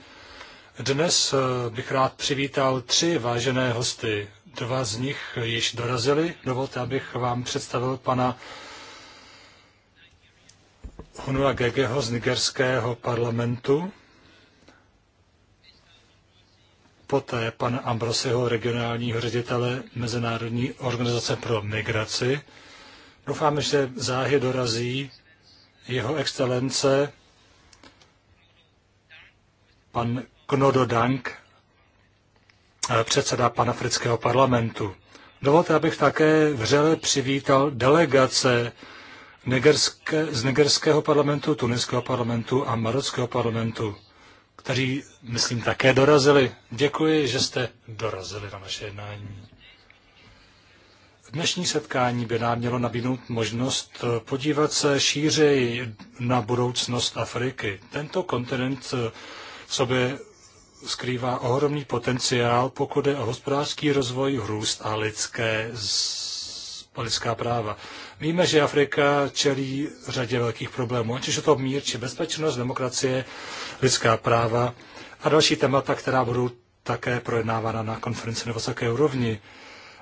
Dnes eh, bych rád přivítal tři vážené hosty. Dva z nich již dorazili. Dovolte, abych vám představil pana Honora Gegeho z nigerského parlamentu. poté pana Ambrosiho, regionálního ředitele Mezinárodní organizace pro migraci. Doufáme, že záhy dorazí jeho excelence pan Knodo Dank, eh, předseda panafrického parlamentu. Dovolte, abych také vřele přivítal delegace negerské, z negerského parlamentu, tuniského parlamentu a marockého parlamentu kteří, myslím, také dorazili. Děkuji, že jste dorazili na naše jednání. Dnešní setkání by nám mělo nabídnout možnost eh, podívat se šířeji na budoucnost Afriky. Tento kontinent eh, v sobě skrývá ohromný potenciál, pokud je o hospodářský rozvoj, růst a lidské, lidská práva. Víme, že Afrika čelí řadě velkých problémů, ať už je to mír či bezpečnost, demokracie, lidská práva a další témata, která budou také projednávána na konferenci na vysoké úrovni.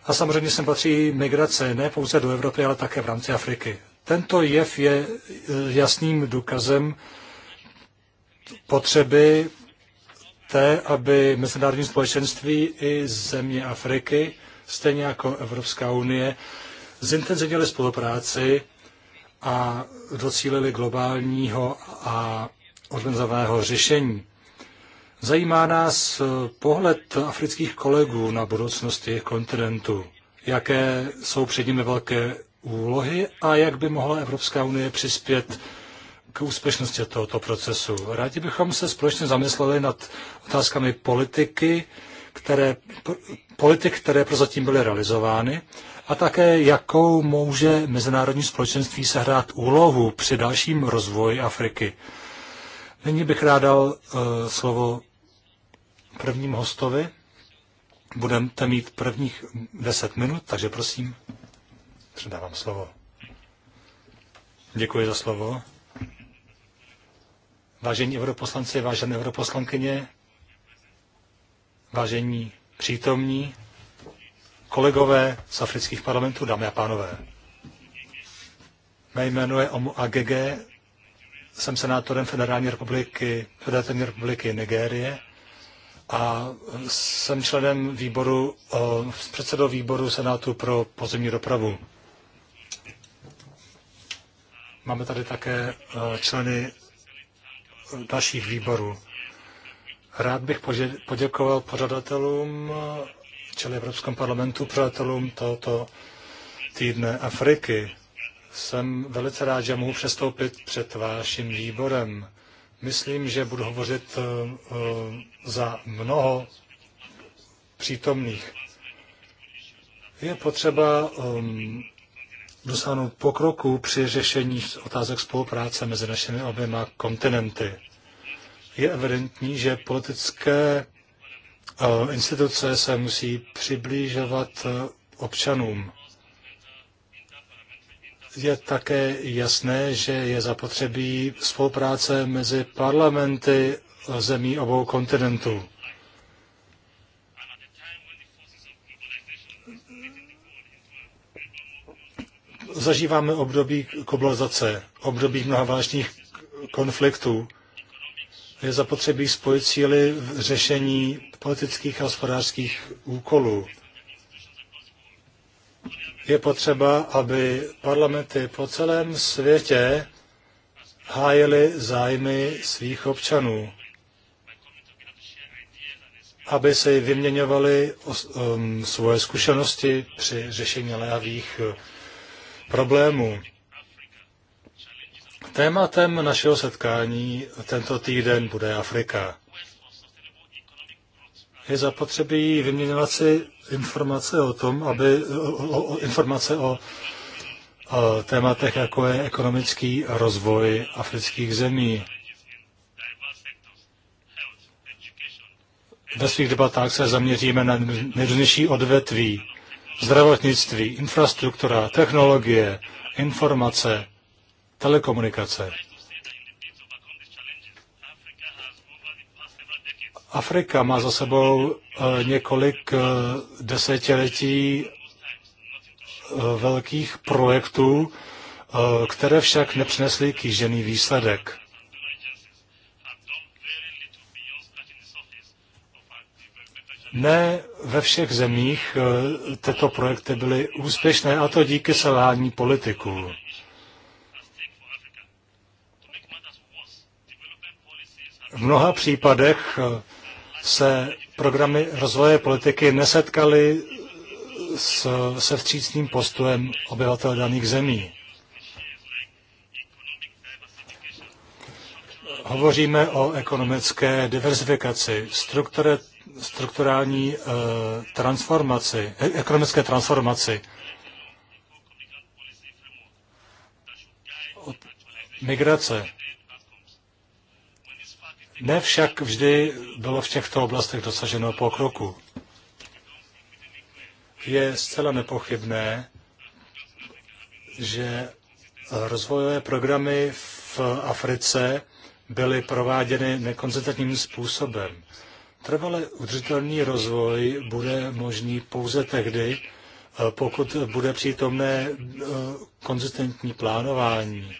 A samozřejmě sem patří migrace ne pouze do Evropy, ale také v rámci Afriky. Tento jev je eh, jasným důkazem potřeby té, aby mezinárodní společenství i země Afriky, stejně jako Evropská unie, zintenzivnili spolupráci a docílili globálního a organizovaného řešení. Zajímá nás pohled afrických kolegů na budoucnost jejich kontinentu. Jaké jsou před nimi velké úlohy a jak by mohla Evropská unie přispět k úspěšnosti tohoto procesu. Rádi bychom se společně zamysleli nad otázkami politiky, které, politik, které prozatím byly realizovány a také jakou může mezinárodní společenství sehrát úlohu při dalším rozvoji Afriky. Nyní bych rád dal uh, slovo prvním hostovi. Budete mít prvních deset minut, takže prosím, předávám slovo. Děkuji za slovo. Vážení europoslanci, vážené europoslankyně, vážení přítomní, kolegové z afrických parlamentů, dámy a pánové. Mé jméno je Omu Agege, jsem senátorem Federální republiky, Federální republiky Nigérie a jsem členem výboru, předsedou výboru Senátu pro pozemní dopravu. Máme tady také členy dalších výborů. Rád bych poděkoval pořadatelům čele Evropském parlamentu přátelům tohoto týdne Afriky. Jsem velice rád, že mohu přestoupit před váším výborem. Myslím, že budu hovořit eh, eh, za mnoho přítomných. Je potřeba um, dosáhnout pokroku při řešení otázek spolupráce mezi našimi oběma kontinenty. Je evidentní, že politické instituce se musí přiblížovat e, občanům. Je také jasné, že je zapotřebí spolupráce mezi parlamenty zemí obou kontinentů. Zažíváme období globalizace, období mnoha vážných konfliktů je zapotřebí spojit síly v řešení politických a hospodářských úkolů. Je potřeba, aby parlamenty po celém světě hájily zájmy svých občanů, aby se vyměňovaly um, svoje zkušenosti při řešení lehavých uh, problémů. Tématem našeho setkání tento týden bude Afrika. Je zapotřebí vyměňovat si informace o tom, aby o, o, informace o, o tématech, jako je ekonomický rozvoj afrických zemí. Ve svých debatách se zaměříme na nejrůznější odvětví, zdravotnictví, infrastruktura, technologie, informace, telekomunikace. Afrika má za sebou eh, několik eh, desetiletí eh, velkých projektů, které však nepřinesly kýžený výsledek. Ne ve všech zemích tyto projekty byly úspěšné, a to díky selhání politiků. V mnoha případech eh, se programy rozvoje politiky nesetkaly s, se vstřícným postojem obyvatel daných zemí. Hovoříme o ekonomické diversifikaci, strukture, strukturální eh, transformaci, eh, ekonomické transformaci. Migrace. Ne však vždy bylo v těchto oblastech dosaženo pokroku. Je zcela nepochybné, že rozvojové programy v Africe byly prováděny nekoncentrativním způsobem. Trvale udržitelný rozvoj bude možný pouze tehdy, eh, pokud bude přítomné eh, konzistentní plánování.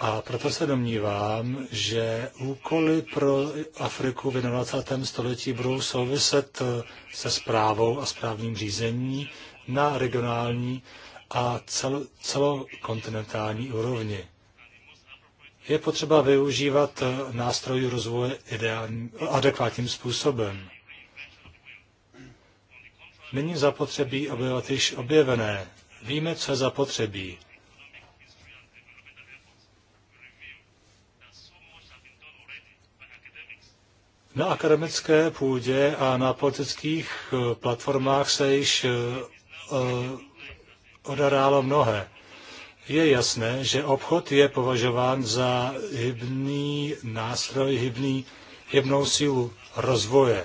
A proto se domnívám, že úkoly pro Afriku v 21. století budou souviset eh, se zprávou a správním řízení na regionální a cel, celokontinentální úrovni. Je potřeba využívat eh, nástrojů rozvoje ideální, adekvátním způsobem. Není zapotřebí objevovat již objevené. Víme, co je zapotřebí. Na akademické půdě a na politických eh, platformách se již eh, eh, odarálo mnohé. Je jasné, že obchod je považován za hybný nástroj, hybný, hybnou sílu rozvoje.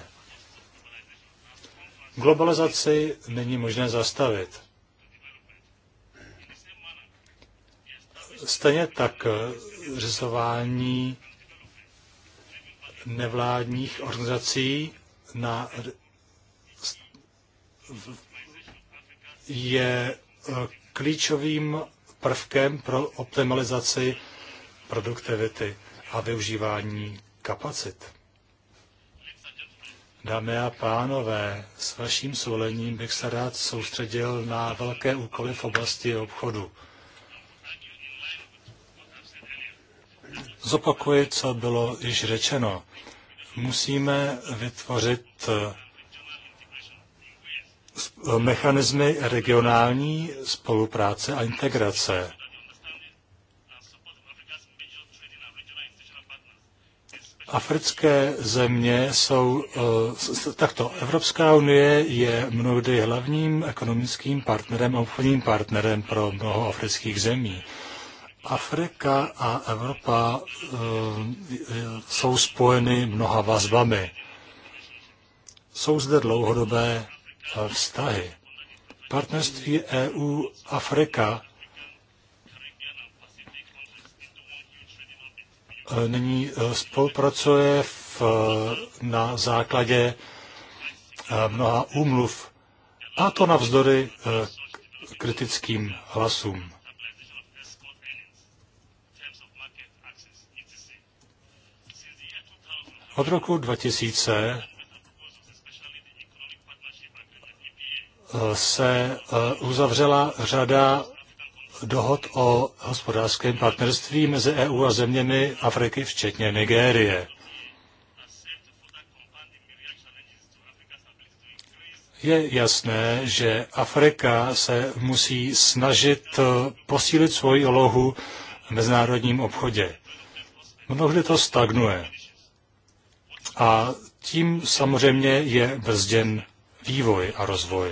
Globalizaci není možné zastavit. Stejně tak řizování nevládních organizací na, je eh, klíčovým prvkem pro optimalizaci produktivity a využívání kapacit. Dámy a pánové, s vaším svolením bych se rád soustředil na velké úkoly v oblasti obchodu. Zopakuji, co bylo již řečeno. Musíme vytvořit eh, mechanismy regionální spolupráce a integrace. Africké země jsou eh, takto. Evropská unie je mnohdy hlavním ekonomickým partnerem a obchodním partnerem pro mnoho afrických zemí. Afrika a Evropa eh, jsou spojeny mnoha vazbami. Jsou zde dlouhodobé eh, vztahy. Partnerství EU-Afrika eh, nyní spolupracuje v, na základě mnoha úmluv, a to navzdory kritickým hlasům. Od roku 2000 se e, uzavřela řada dohod o hospodářském partnerství mezi EU a zeměmi Afriky, včetně Nigérie. Je jasné, že Afrika se musí snažit e, posílit svoji lohu v mezinárodním obchodě. Mnohdy to stagnuje a tím samozřejmě je brzděn vývoj a rozvoj.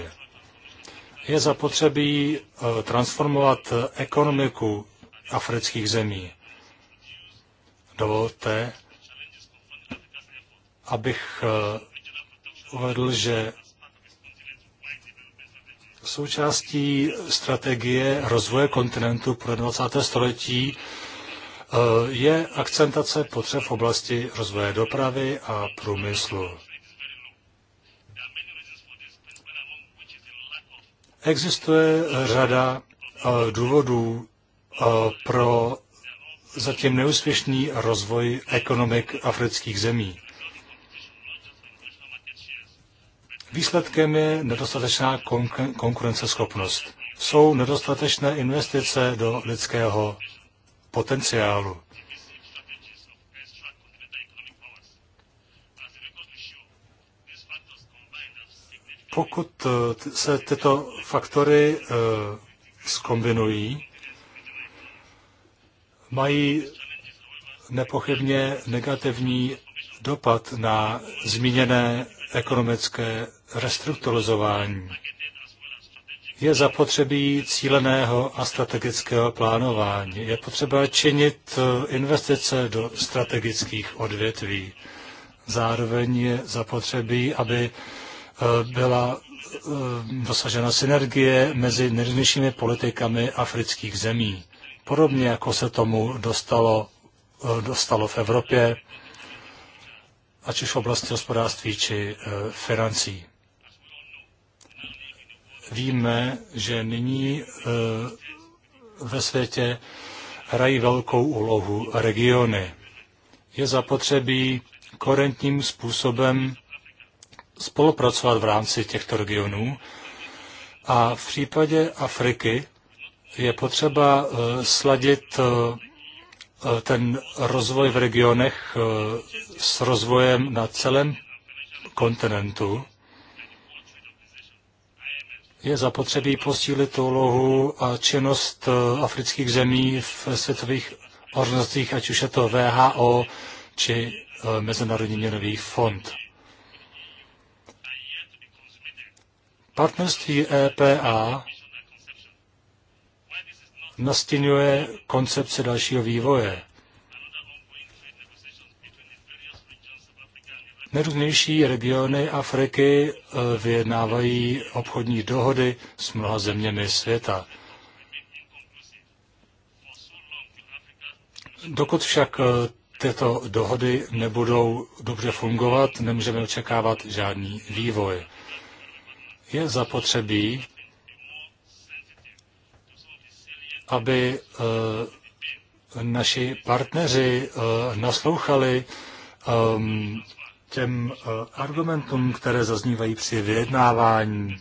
Je zapotřebí e, transformovat ekonomiku afrických zemí. Dovolte, abych e, uvedl, že součástí strategie rozvoje kontinentu pro 20. století Eh, je akcentace potřeb v oblasti rozvoje dopravy a průmyslu. Existuje řada eh, důvodů eh, pro zatím neúspěšný rozvoj ekonomik afrických zemí. Výsledkem je nedostatečná konkurenceschopnost. Jsou nedostatečné investice do lidského potenciálu. Pokud eh, se tyto faktory eh, skombinují, mají nepochybně negativní dopad na zmíněné ekonomické restrukturalizování. Je zapotřebí cíleného a strategického plánování. Je potřeba činit eh, investice do strategických odvětví. Zároveň je zapotřebí, aby eh, byla eh, dosažena synergie mezi nejrůznějšími politikami afrických zemí. Podobně jako se tomu dostalo, dostalo v Evropě, ať už v oblasti hospodářství či financí víme, že nyní e, ve světě hrají velkou úlohu regiony. Je zapotřebí korentním způsobem spolupracovat v rámci těchto regionů a v případě Afriky je potřeba e, sladit e, ten rozvoj v regionech s rozvojem na celém kontinentu je zapotřebí posílit lohu a činnost eh, afrických zemí v světových organizacích, ať už je to VHO či eh, Mezinárodní měnový fond. Partnerství EPA nastínuje koncepci dalšího vývoje. Nejrůznější regiony Afriky eh, vyjednávají obchodní dohody s mnoha zeměmi světa. Dokud však eh, tyto dohody nebudou dobře fungovat, nemůžeme očekávat žádný vývoj. Je zapotřebí, aby eh, naši partneři naslouchali ehm, těm eh, argumentům, které zaznívají při vyjednávání.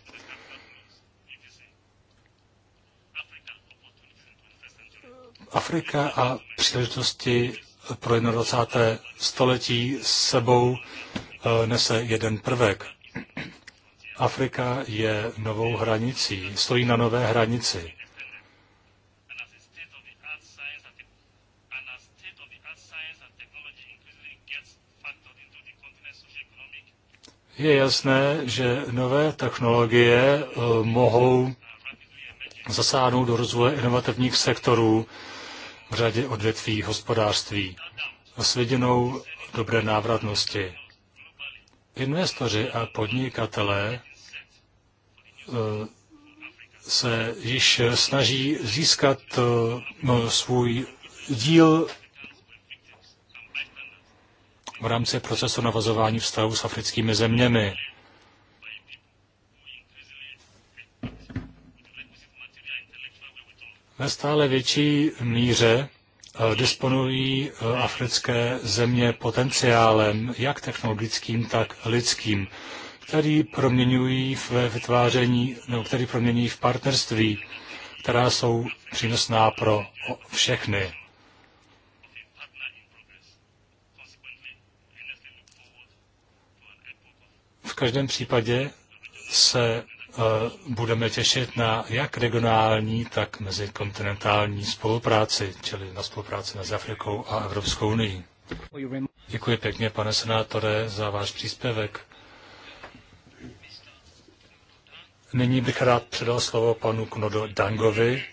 Afrika a příležitosti pro 21. století sebou eh, nese jeden prvek. Afrika je novou hranicí, stojí na nové hranici. Je jasné, že nové technologie eh, mohou zasáhnout do rozvoje inovativních sektorů v řadě odvětví hospodářství s vidinou dobré návratnosti. Investoři a podnikatelé eh, se již snaží získat eh, no, svůj díl v rámci procesu navazování vztahů s africkými zeměmi. Ve stále větší míře eh, disponují eh, africké země potenciálem, jak technologickým, tak lidským, který proměňují ve vytváření, nebo který proměňují v partnerství, která jsou přínosná pro všechny. V každém případě se eh, budeme těšit na jak regionální, tak mezikontinentální spolupráci, čili na spolupráci mezi Afrikou a Evropskou unii. Děkuji pěkně, pane senátore, za váš příspěvek. Nyní bych rád předal slovo panu Knodo Dangovi,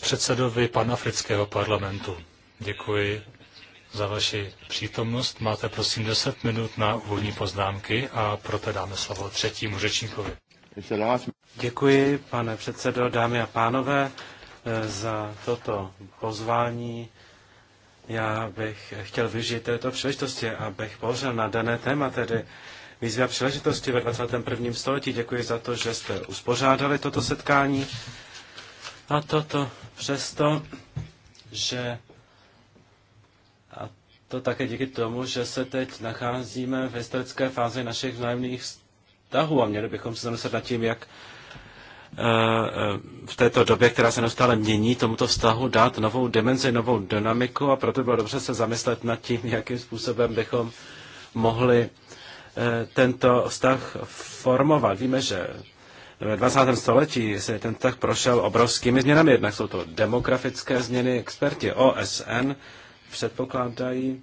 předsedovi panafrického parlamentu. Děkuji, za vaši přítomnost. Máte prosím 10 minut na úvodní poznámky a proto dáme slovo třetímu řečníkovi. Děkuji, pane předsedo, dámy a pánové, za toto pozvání. Já bych chtěl využít této příležitosti, abych pohořel na dané téma, tedy výzvy a příležitosti ve 21. století. Děkuji za to, že jste uspořádali toto setkání. A toto přesto, že to také díky tomu, že se teď nacházíme v historické fázi našich vzájemných vztahů a měli bychom se zamyslet nad tím, jak eh, eh, v této době, která se neustále mění, tomuto vztahu dát novou dimenzi, novou dynamiku a proto bylo dobře se zamyslet nad tím, jakým způsobem bychom mohli eh, tento vztah formovat. Víme, že v 20. století se ten vztah prošel obrovskými změnami, jednak jsou to demografické změny, experti OSN předpokládají,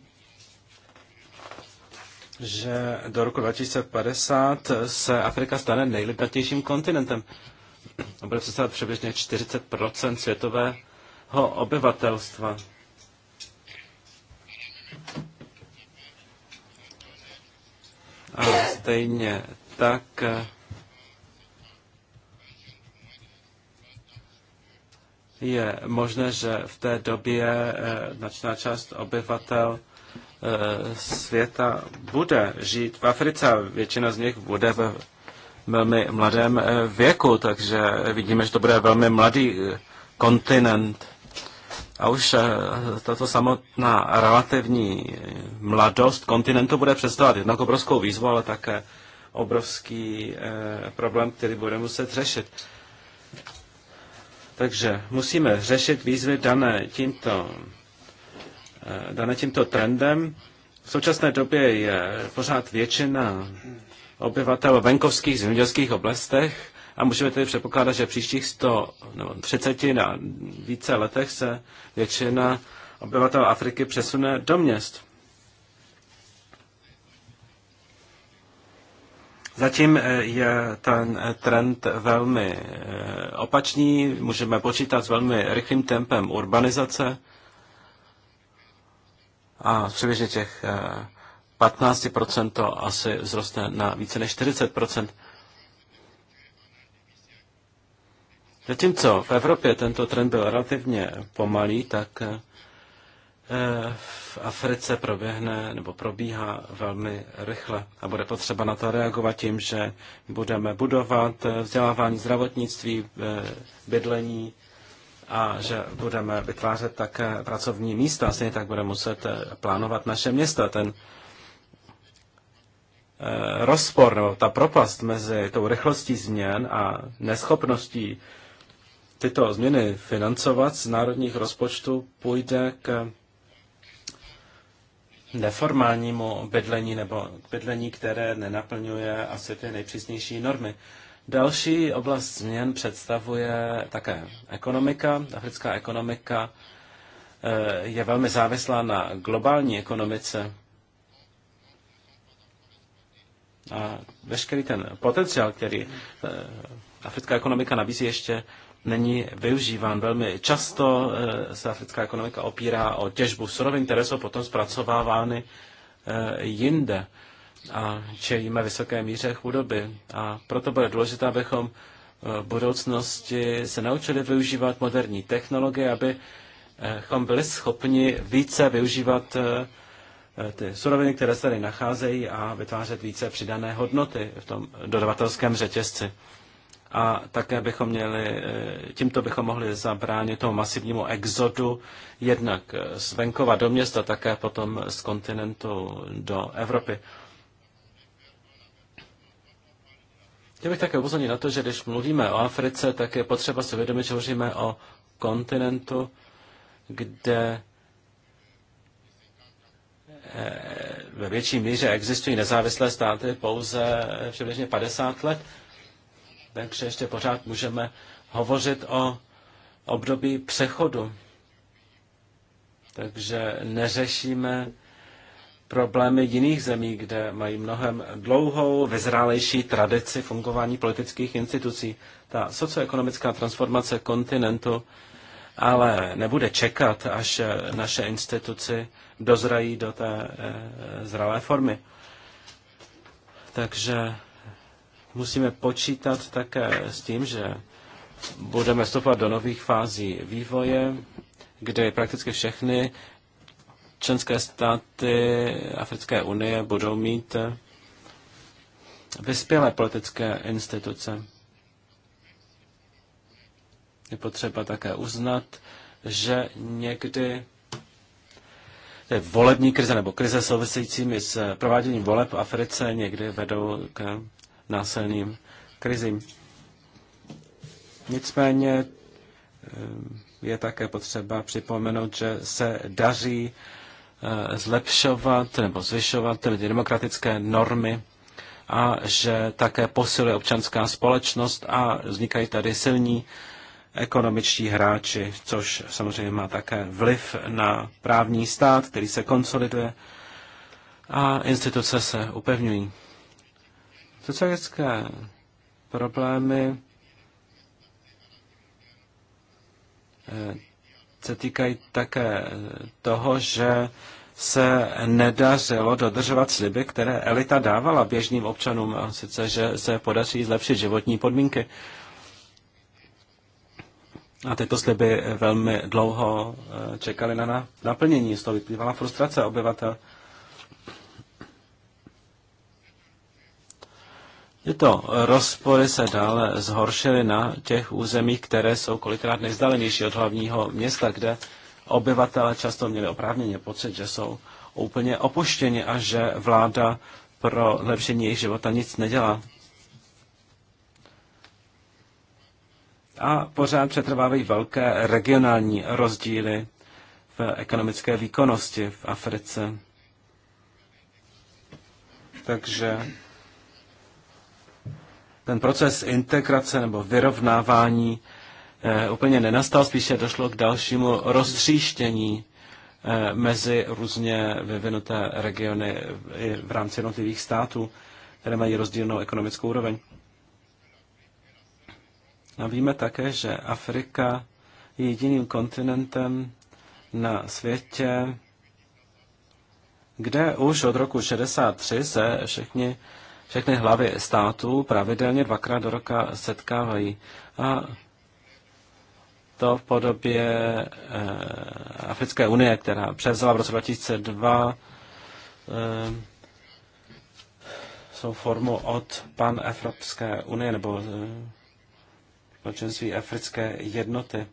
že do roku 2050 se Afrika stane nejlidnatějším kontinentem. A bude představovat přibližně 40 světového obyvatelstva. A stejně tak je možné, že v té době eh, značná část obyvatel eh, světa bude žít v Africe a většina z nich bude ve velmi mladém eh, věku, takže vidíme, že to bude velmi mladý kontinent. A už tato samotná relativní mladost kontinentu bude představovat jednak obrovskou výzvu, ale také obrovský problém, který bude muset řešit. Takže musíme řešit výzvy dané tímto, eh, dané tímto trendem. V současné době je pořád většina obyvatel venkovských zemědělských oblastech a můžeme tedy předpokládat, že v příštích 100 nebo 30 na více letech se většina obyvatel Afriky přesune do měst. Zatím eh, je ten eh, trend velmi eh, opačný, můžeme počítat s velmi rychlým tempem urbanizace a přibližně těch 15% to asi vzroste na více než 40%. Zatímco v Evropě tento trend byl relativně pomalý, tak Eh, v Africe proběhne nebo probíhá velmi rychle a bude potřeba na to reagovat tím, že budeme budovat eh, vzdělávání zdravotnictví, eh, bydlení a že budeme vytvářet také pracovní místa. Stejně tak budeme muset plánovat naše města. Ten rozpor nebo ta propast mezi tou rychlostí změn a neschopností tyto změny financovat z národních rozpočtů půjde k neformálnímu bydlení nebo bydlení, které nenaplňuje asi ty nejpřísnější normy. Další oblast změn představuje také ekonomika. Africká ekonomika eh, je velmi závislá na globální ekonomice. A veškerý ten potenciál, který eh, africká ekonomika nabízí, ještě není využíván. Velmi často eh, se africká ekonomika opírá o těžbu surovin, které jsou potom zpracovávány eh, jinde a čelíme vysoké míře chudoby. A proto bude důležité, abychom eh, v budoucnosti se naučili využívat moderní technologie, abychom byli schopni více využívat ty suroviny, které se tady nacházejí a vytvářet více přidané hodnoty v tom dodavatelském řetězci a také bychom měli, eh, tímto bychom mohli zabránit tomu masivnímu exodu jednak eh, z venkova do města, také potom z kontinentu do Evropy. Já bych také upozornil na to, že když mluvíme o Africe, tak je potřeba si uvědomit, že hovoříme o kontinentu, kde eh, ve větší míře existují nezávislé státy pouze přibližně 50 let takže ještě pořád můžeme hovořit o období přechodu. Takže neřešíme problémy jiných zemí, kde mají mnohem dlouhou, vyzrálejší tradici fungování politických institucí. Ta socioekonomická transformace kontinentu ale nebude čekat, až naše instituci dozrají do té eh, zralé formy. Takže musíme počítat také s tím, že budeme vstupovat do nových fází vývoje, kde prakticky všechny členské státy Africké unie budou mít vyspělé politické instituce. Je potřeba také uznat, že někdy volební krize nebo krize souvisejícími s prováděním voleb v Africe někdy vedou k násilným krizím. Nicméně eh, je také potřeba připomenout, že se daří eh, zlepšovat nebo zvyšovat ty demokratické normy a že také posiluje občanská společnost a vznikají tady silní ekonomičtí hráči, což samozřejmě má také vliv na právní stát, který se konsoliduje a instituce se upevňují. Sociologické problémy eh, se týkají také eh, toho, že se nedařilo dodržovat sliby, které elita dávala běžným občanům, a sice, že se podaří zlepšit životní podmínky. A tyto sliby velmi dlouho eh, čekaly na naplnění, z toho vyplývala frustrace obyvatel. Tyto eh, rozpory se dále zhoršily na těch územích, které jsou kolikrát nejvzdálenější od hlavního města, kde obyvatele často měli oprávněně pocit, že jsou úplně opuštěni a že vláda pro lepšení jejich života nic nedělá. A pořád přetrvávají velké regionální rozdíly v ekonomické výkonnosti v Africe. Takže ten proces integrace nebo vyrovnávání eh, úplně nenastal, spíše došlo k dalšímu roztříštění eh, mezi různě vyvinuté regiony v rámci jednotlivých států, které mají rozdílnou ekonomickou úroveň. A víme také, že Afrika je jediným kontinentem na světě, kde už od roku 63 se všichni všechny hlavy států pravidelně dvakrát do roka setkávají. A to v podobě e, Africké unie, která převzala v roce 2002 e, eh, svou formu od pan Evropské unie nebo eh, společenství Africké jednoty.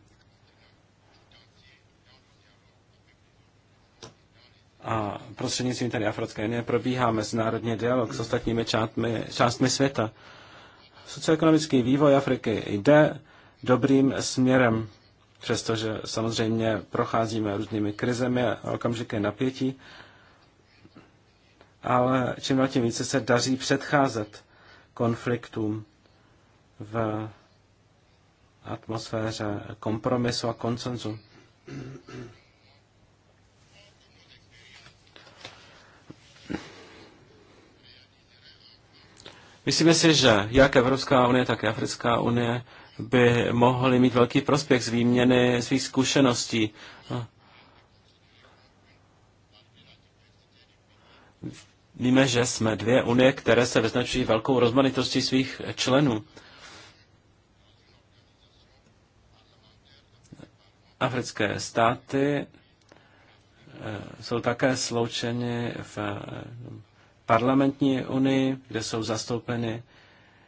a prostřednictvím tady Africké unie probíhá mezinárodní dialog s ostatními částmi, částmi světa. Socioekonomický vývoj Afriky jde dobrým směrem, přestože samozřejmě procházíme různými krizemi a okamžiky napětí, ale čím dál tím více se daří předcházet konfliktům v atmosféře kompromisu a koncenzu. Myslíme si, že jak Evropská unie, tak i Africká unie by mohly mít velký prospěch z výměny svých zkušeností. Víme, že jsme dvě unie, které se vyznačují velkou rozmanitostí svých členů. Africké státy eh, jsou také sloučeny v eh, parlamentní unii, kde jsou zastoupeny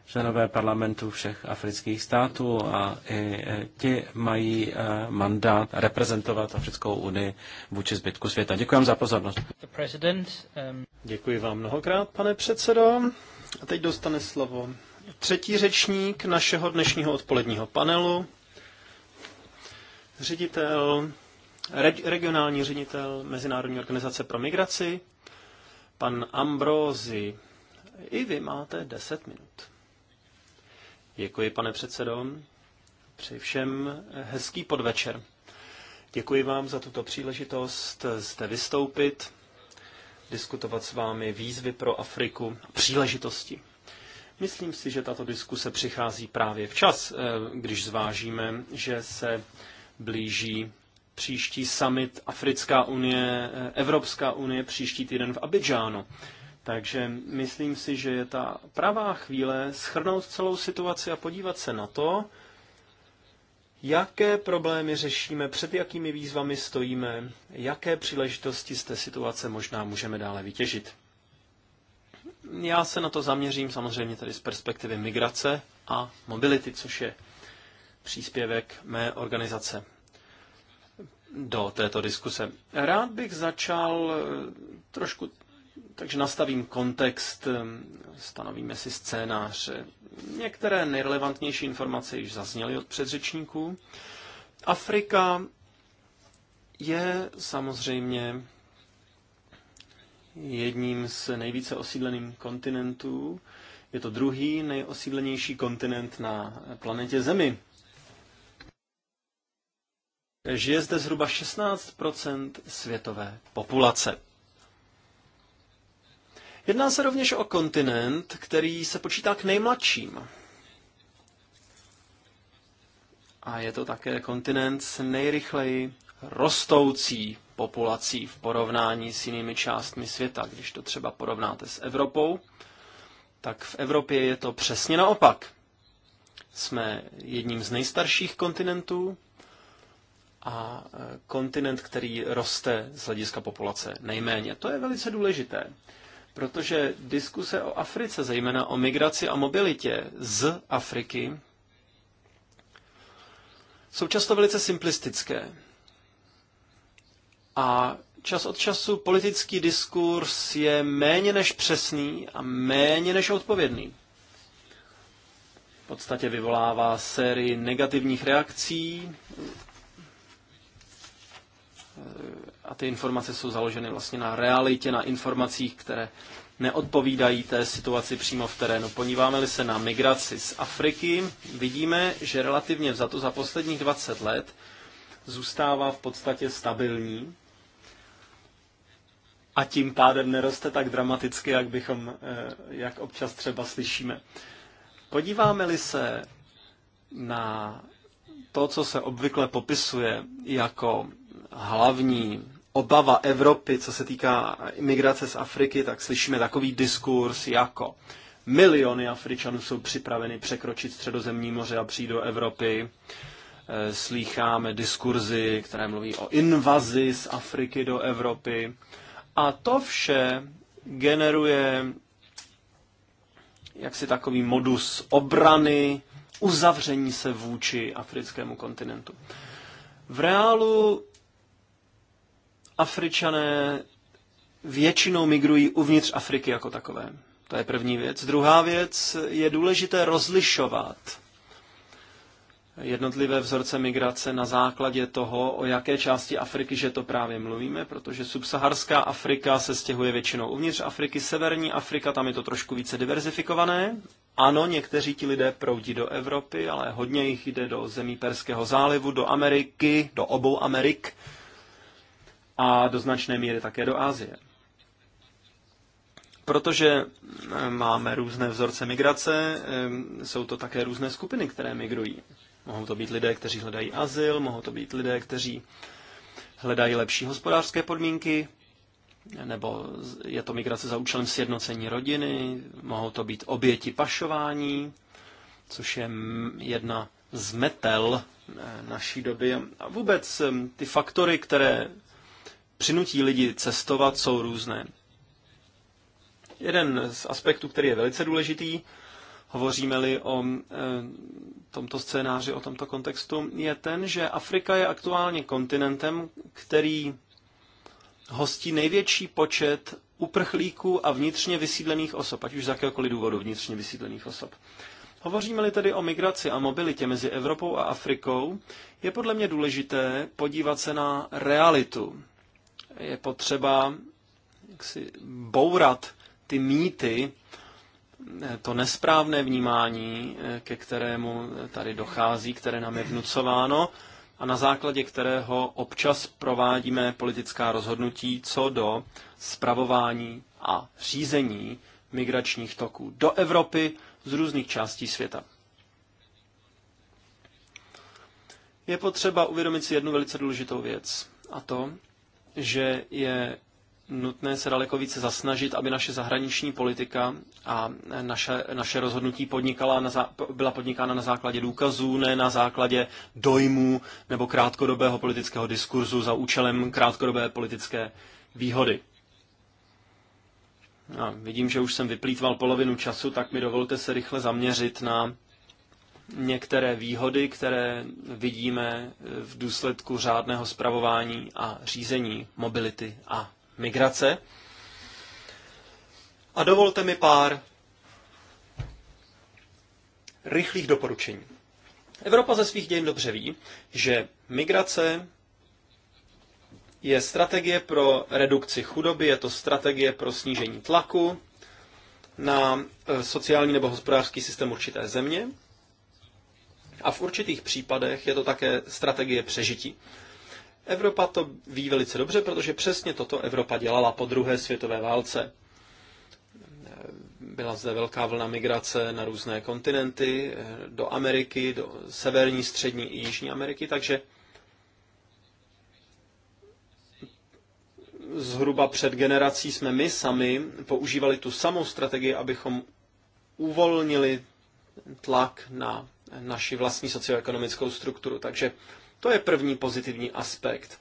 členové parlamentu všech afrických států a i e, ti mají e, mandát reprezentovat Africkou unii vůči zbytku světa. Děkuji vám za pozornost. Um, Děkuji vám mnohokrát, pane předsedo. A teď dostane slovo třetí řečník našeho dnešního odpoledního panelu, ředitel, regionální ředitel Mezinárodní organizace pro migraci, Pan Ambrozi, i vy máte 10 minut. Děkuji, pane předsedo. Při všem hezký podvečer. Děkuji vám za tuto příležitost zde vystoupit, diskutovat s vámi výzvy pro Afriku, příležitosti. Myslím si, že tato diskuse přichází právě včas, eh, když zvážíme, že se blíží příští summit Africká unie, Evropská unie příští týden v Abidžánu. Takže myslím si, že je ta pravá chvíle schrnout celou situaci a podívat se na to, jaké problémy řešíme, před jakými výzvami stojíme, jaké příležitosti z té situace možná můžeme dále vytěžit. Já se na to zaměřím samozřejmě tady z perspektivy migrace a mobility, což je příspěvek mé organizace do této diskuse. Rád bych začal eh, trošku, takže nastavím kontext, eh, stanovíme si scénář. Některé nejrelevantnější informace již zazněly od předřečníků. Afrika je samozřejmě jedním z nejvíce osídleným kontinentů. Je to druhý nejosídlenější kontinent na planetě Zemi. Žije zde zhruba 16 světové populace. Jedná se rovněž o kontinent, který se počítá k nejmladším. A je to také kontinent s nejrychleji rostoucí populací v porovnání s jinými částmi světa. Když to třeba porovnáte s Evropou, tak v Evropě je to přesně naopak. Jsme jedním z nejstarších kontinentů, a e, kontinent, který roste z hlediska populace nejméně. To je velice důležité, protože diskuse o Africe, zejména o migraci a mobilitě z Afriky, jsou často velice simplistické. A čas od času politický diskurs je méně než přesný a méně než odpovědný. V podstatě vyvolává sérii negativních reakcí, Eh, a ty informace jsou založeny vlastně na realitě, na informacích, které neodpovídají té situaci přímo v terénu. Podíváme-li se na migraci z Afriky, vidíme, že relativně za to za posledních 20 let zůstává v podstatě stabilní a tím pádem neroste tak dramaticky, jak, bychom, eh, jak občas třeba slyšíme. Podíváme-li se na to, co se obvykle popisuje jako hlavní obava Evropy, co se týká imigrace z Afriky, tak slyšíme takový diskurs jako miliony Afričanů jsou připraveny překročit středozemní moře a přijít do Evropy. E, slýcháme diskurzy, které mluví o invazi z Afriky do Evropy. A to vše generuje jaksi takový modus obrany, uzavření se vůči africkému kontinentu. V reálu Afričané většinou migrují uvnitř Afriky jako takové. To je první věc. Druhá věc je důležité rozlišovat jednotlivé vzorce migrace na základě toho, o jaké části Afriky, že to právě mluvíme, protože subsaharská Afrika se stěhuje většinou uvnitř Afriky, severní Afrika, tam je to trošku více diverzifikované. Ano, někteří ti lidé proudí do Evropy, ale hodně jich jde do zemí Perského zálivu, do Ameriky, do obou Amerik, a do značné míry také do Asie. Protože eh, máme různé vzorce migrace, eh, jsou to také různé skupiny, které migrují. Mohou to být lidé, kteří hledají azyl, mohou to být lidé, kteří hledají lepší hospodářské podmínky, nebo je to migrace za účelem sjednocení rodiny, mohou to být oběti pašování, což je jedna z metel eh, naší doby. A vůbec ty faktory, které přinutí lidi cestovat, jsou různé. Jeden z aspektů, který je velice důležitý, hovoříme-li o e, tomto scénáři, o tomto kontextu, je ten, že Afrika je aktuálně kontinentem, který hostí největší počet uprchlíků a vnitřně vysídlených osob, ať už z jakéhokoliv důvodu vnitřně vysídlených osob. Hovoříme-li tedy o migraci a mobilitě mezi Evropou a Afrikou, je podle mě důležité podívat se na realitu je potřeba jaksi bourat ty mýty, to nesprávné vnímání, ke kterému tady dochází, které nám je vnucováno a na základě kterého občas provádíme politická rozhodnutí co do spravování a řízení migračních toků do Evropy z různých částí světa. Je potřeba uvědomit si jednu velice důležitou věc, a to, že je nutné se daleko více zasnažit, aby naše zahraniční politika a naše, naše rozhodnutí podnikala na zá, byla podnikána na základě důkazů, ne na základě dojmů nebo krátkodobého politického diskurzu za účelem krátkodobé politické výhody. A vidím, že už jsem vyplýtval polovinu času, tak mi dovolte se rychle zaměřit na některé výhody, které vidíme v důsledku řádného zpravování a řízení mobility a migrace. A dovolte mi pár rychlých doporučení. Evropa ze svých dějin dobře ví, že migrace je strategie pro redukci chudoby, je to strategie pro snížení tlaku na eh, sociální nebo hospodářský systém určité země a v určitých případech je to také strategie přežití. Evropa to ví velice dobře, protože přesně toto Evropa dělala po druhé světové válce. Byla zde velká vlna migrace na různé kontinenty, do Ameriky, do severní, střední i jižní Ameriky, takže zhruba před generací jsme my sami používali tu samou strategii, abychom uvolnili tlak na naši vlastní socioekonomickou strukturu. Takže to je první pozitivní aspekt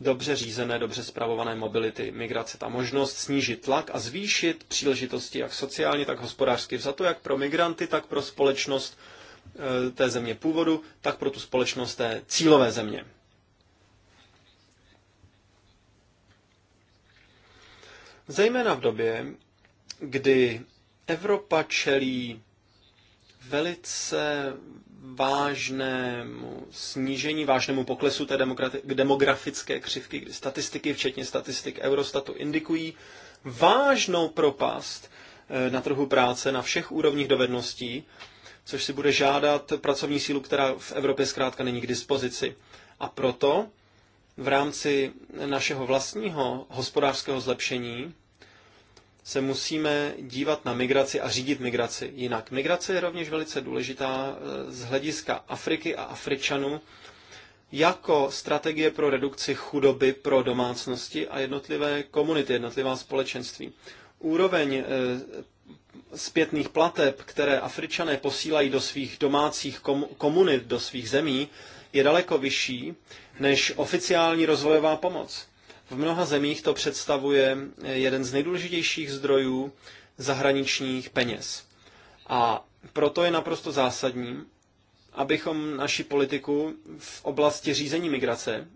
dobře řízené, dobře zpravované mobility, migrace. Ta možnost snížit tlak a zvýšit příležitosti jak sociálně, tak hospodářsky vzato, jak pro migranty, tak pro společnost eh, té země původu, tak pro tu společnost té cílové země. Zejména v době, kdy Evropa čelí velice vážnému snížení, vážnému poklesu té demografické křivky, kdy statistiky, včetně statistik Eurostatu, indikují vážnou propast eh, na trhu práce na všech úrovních dovedností, což si bude žádat pracovní sílu, která v Evropě zkrátka není k dispozici. A proto v rámci našeho vlastního hospodářského zlepšení se musíme dívat na migraci a řídit migraci jinak. Migrace je rovněž velice důležitá eh, z hlediska Afriky a Afričanů jako strategie pro redukci chudoby pro domácnosti a jednotlivé komunity, jednotlivá společenství. Úroveň eh, zpětných plateb, které Afričané posílají do svých domácích komunit, do svých zemí, je daleko vyšší než oficiální rozvojová pomoc. V mnoha zemích to představuje jeden z nejdůležitějších zdrojů zahraničních peněz. A proto je naprosto zásadní, abychom naši politiku v oblasti řízení migrace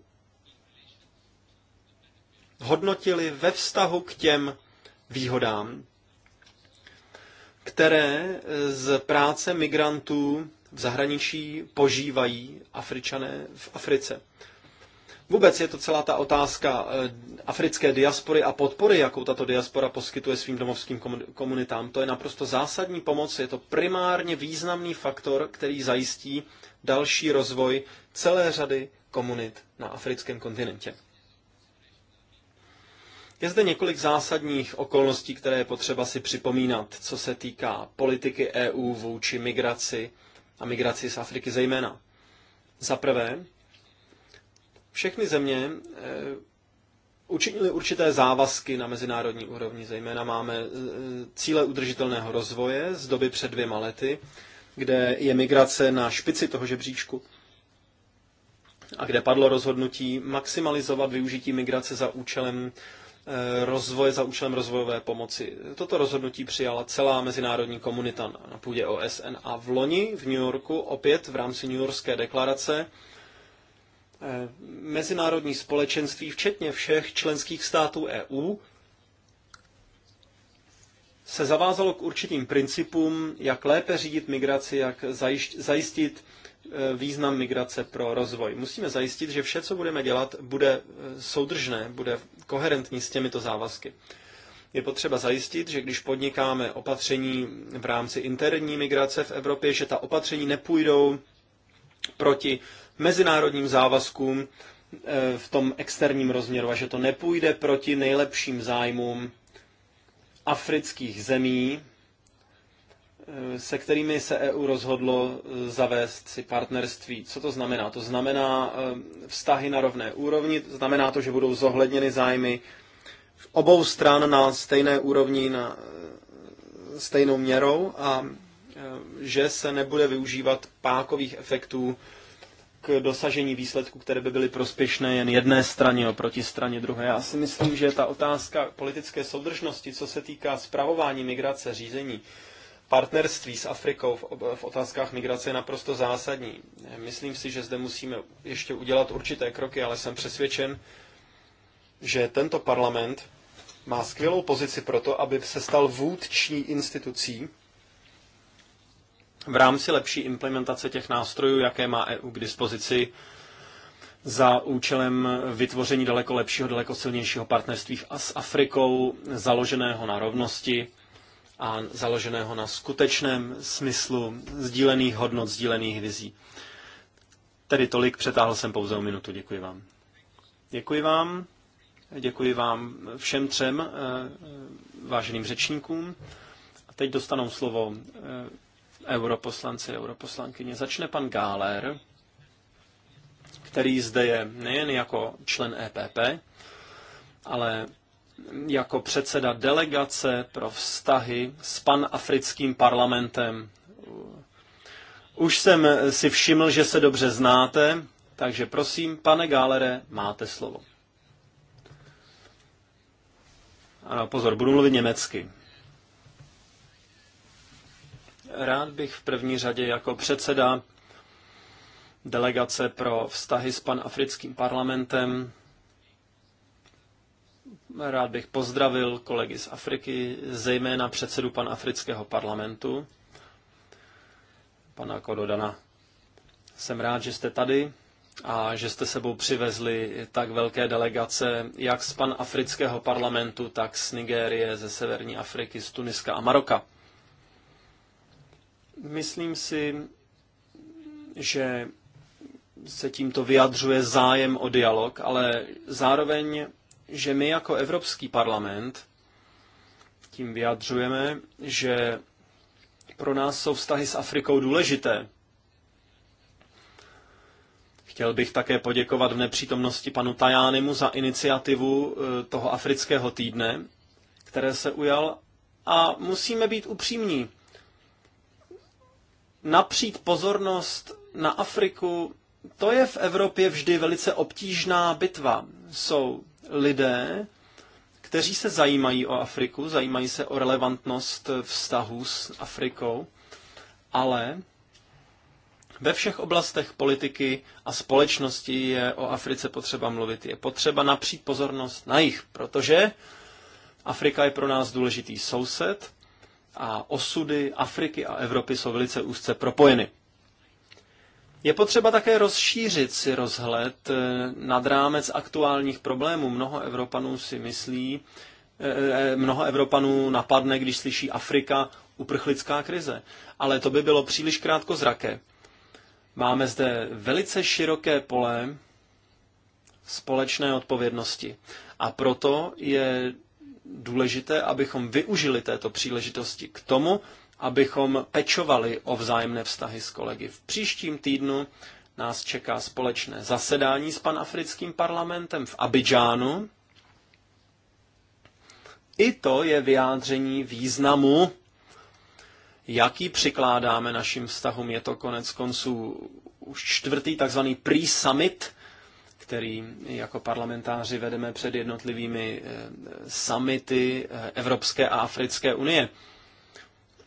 hodnotili ve vztahu k těm výhodám, které z práce migrantů v zahraničí požívají Afričané v Africe. Vůbec je to celá ta otázka eh, africké diaspory a podpory, jakou tato diaspora poskytuje svým domovským komunitám. To je naprosto zásadní pomoc, je to primárně významný faktor, který zajistí další rozvoj celé řady komunit na africkém kontinentě. Je zde několik zásadních okolností, které je potřeba si připomínat, co se týká politiky EU vůči migraci a migraci z Afriky zejména. Za prvé, všechny země eh, učinili určité závazky na mezinárodní úrovni, zejména máme eh, cíle udržitelného rozvoje z doby před dvěma lety, kde je migrace na špici toho žebříčku a kde padlo rozhodnutí maximalizovat využití migrace za účelem eh, rozvoje, za účelem rozvojové pomoci. Toto rozhodnutí přijala celá mezinárodní komunita na půdě OSN a v loni v New Yorku opět v rámci New Yorkské deklarace Eh, mezinárodní společenství, včetně všech členských států EU, se zavázalo k určitým principům, jak lépe řídit migraci, jak zajistit eh, význam migrace pro rozvoj. Musíme zajistit, že vše, co budeme dělat, bude eh, soudržné, bude koherentní s těmito závazky. Je potřeba zajistit, že když podnikáme opatření v rámci interní migrace v Evropě, že ta opatření nepůjdou proti mezinárodním závazkům eh, v tom externím rozměru a že to nepůjde proti nejlepším zájmům afrických zemí, eh, se kterými se EU rozhodlo eh, zavést si partnerství. Co to znamená? To znamená vztahy na rovné úrovni, znamená to, že budou zohledněny zájmy obou stran na stejné úrovni, na stejnou měrou a že se nebude využívat pákových efektů k dosažení výsledků, které by byly prospěšné jen jedné straně oproti straně druhé. Já si myslím, že ta otázka politické soudržnosti, co se týká zpravování migrace, řízení, partnerství s Afrikou v, otázkách migrace je naprosto zásadní. Myslím si, že zde musíme ještě udělat určité kroky, ale jsem přesvědčen, že tento parlament má skvělou pozici pro to, aby se stal vůdčí institucí v rámci lepší implementace těch nástrojů, jaké má EU k dispozici za účelem vytvoření daleko lepšího, daleko silnějšího partnerství s Afrikou, založeného na rovnosti a založeného na skutečném smyslu sdílených hodnot, sdílených vizí. Tedy tolik, přetáhl jsem pouze o minutu, děkuji vám. Děkuji vám, děkuji vám všem třem eh, váženým řečníkům. A teď dostanou slovo eh, europoslanci, europoslankyně. Začne pan Gáler, který zde je nejen jako člen EPP, ale jako předseda delegace pro vztahy s panafrickým parlamentem. Už jsem si všiml, že se dobře znáte, takže prosím, pane Gálere, máte slovo. Ano, pozor, budu mluvit německy. Rád bych v první řadě jako předseda delegace pro vztahy s panafrickým parlamentem Rád bych pozdravil kolegy z Afriky, zejména předsedu panafrického parlamentu, pana Kododana. Jsem rád, že jste tady a že jste sebou přivezli tak velké delegace, jak z panafrického parlamentu, tak z Nigérie, ze Severní Afriky, z Tuniska a Maroka. Myslím si, že se tímto vyjadřuje zájem o dialog, ale zároveň, že my jako Evropský parlament tím vyjadřujeme, že pro nás jsou vztahy s Afrikou důležité. Chtěl bych také poděkovat v nepřítomnosti panu Tajánemu za iniciativu eh, toho afrického týdne, které se ujal. A musíme být upřímní napřít pozornost na Afriku, to je v Evropě vždy velice obtížná bitva. Jsou lidé, kteří se zajímají o Afriku, zajímají se o relevantnost vztahů s Afrikou, ale ve všech oblastech politiky a společnosti je o Africe potřeba mluvit. Je potřeba napřít pozornost na jich, protože Afrika je pro nás důležitý soused a osudy Afriky a Evropy jsou velice úzce propojeny. Je potřeba také rozšířit si rozhled eh, nad rámec aktuálních problémů. Mnoho Evropanů si myslí, eh, eh, mnoho Evropanů napadne, když slyší Afrika, uprchlická krize. Ale to by bylo příliš krátko zraké. Máme zde velice široké pole společné odpovědnosti. A proto je důležité, abychom využili této příležitosti k tomu, abychom pečovali o vzájemné vztahy s kolegy. V příštím týdnu nás čeká společné zasedání s panafrickým parlamentem v Abidžánu. I to je vyjádření významu, jaký přikládáme našim vztahům. Je to konec konců už čtvrtý takzvaný pre-summit který jako parlamentáři vedeme před jednotlivými eh, summity eh, Evropské a Africké unie.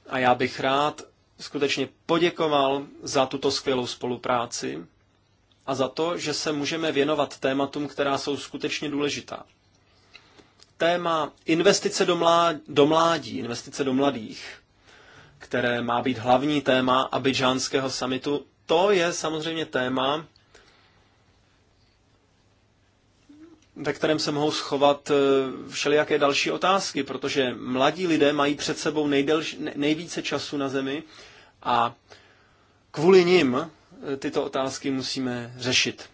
A já bych rád skutečně poděkoval za tuto skvělou spolupráci a za to, že se můžeme věnovat tématům, která jsou skutečně důležitá. Téma investice do, mlá, do mládí, investice do mladých, které má být hlavní téma abidžánského samitu, to je samozřejmě téma, ve kterém se mohou schovat eh, všelijaké další otázky, protože mladí lidé mají před sebou nejdelž, nejvíce času na zemi a kvůli nim eh, tyto otázky musíme řešit.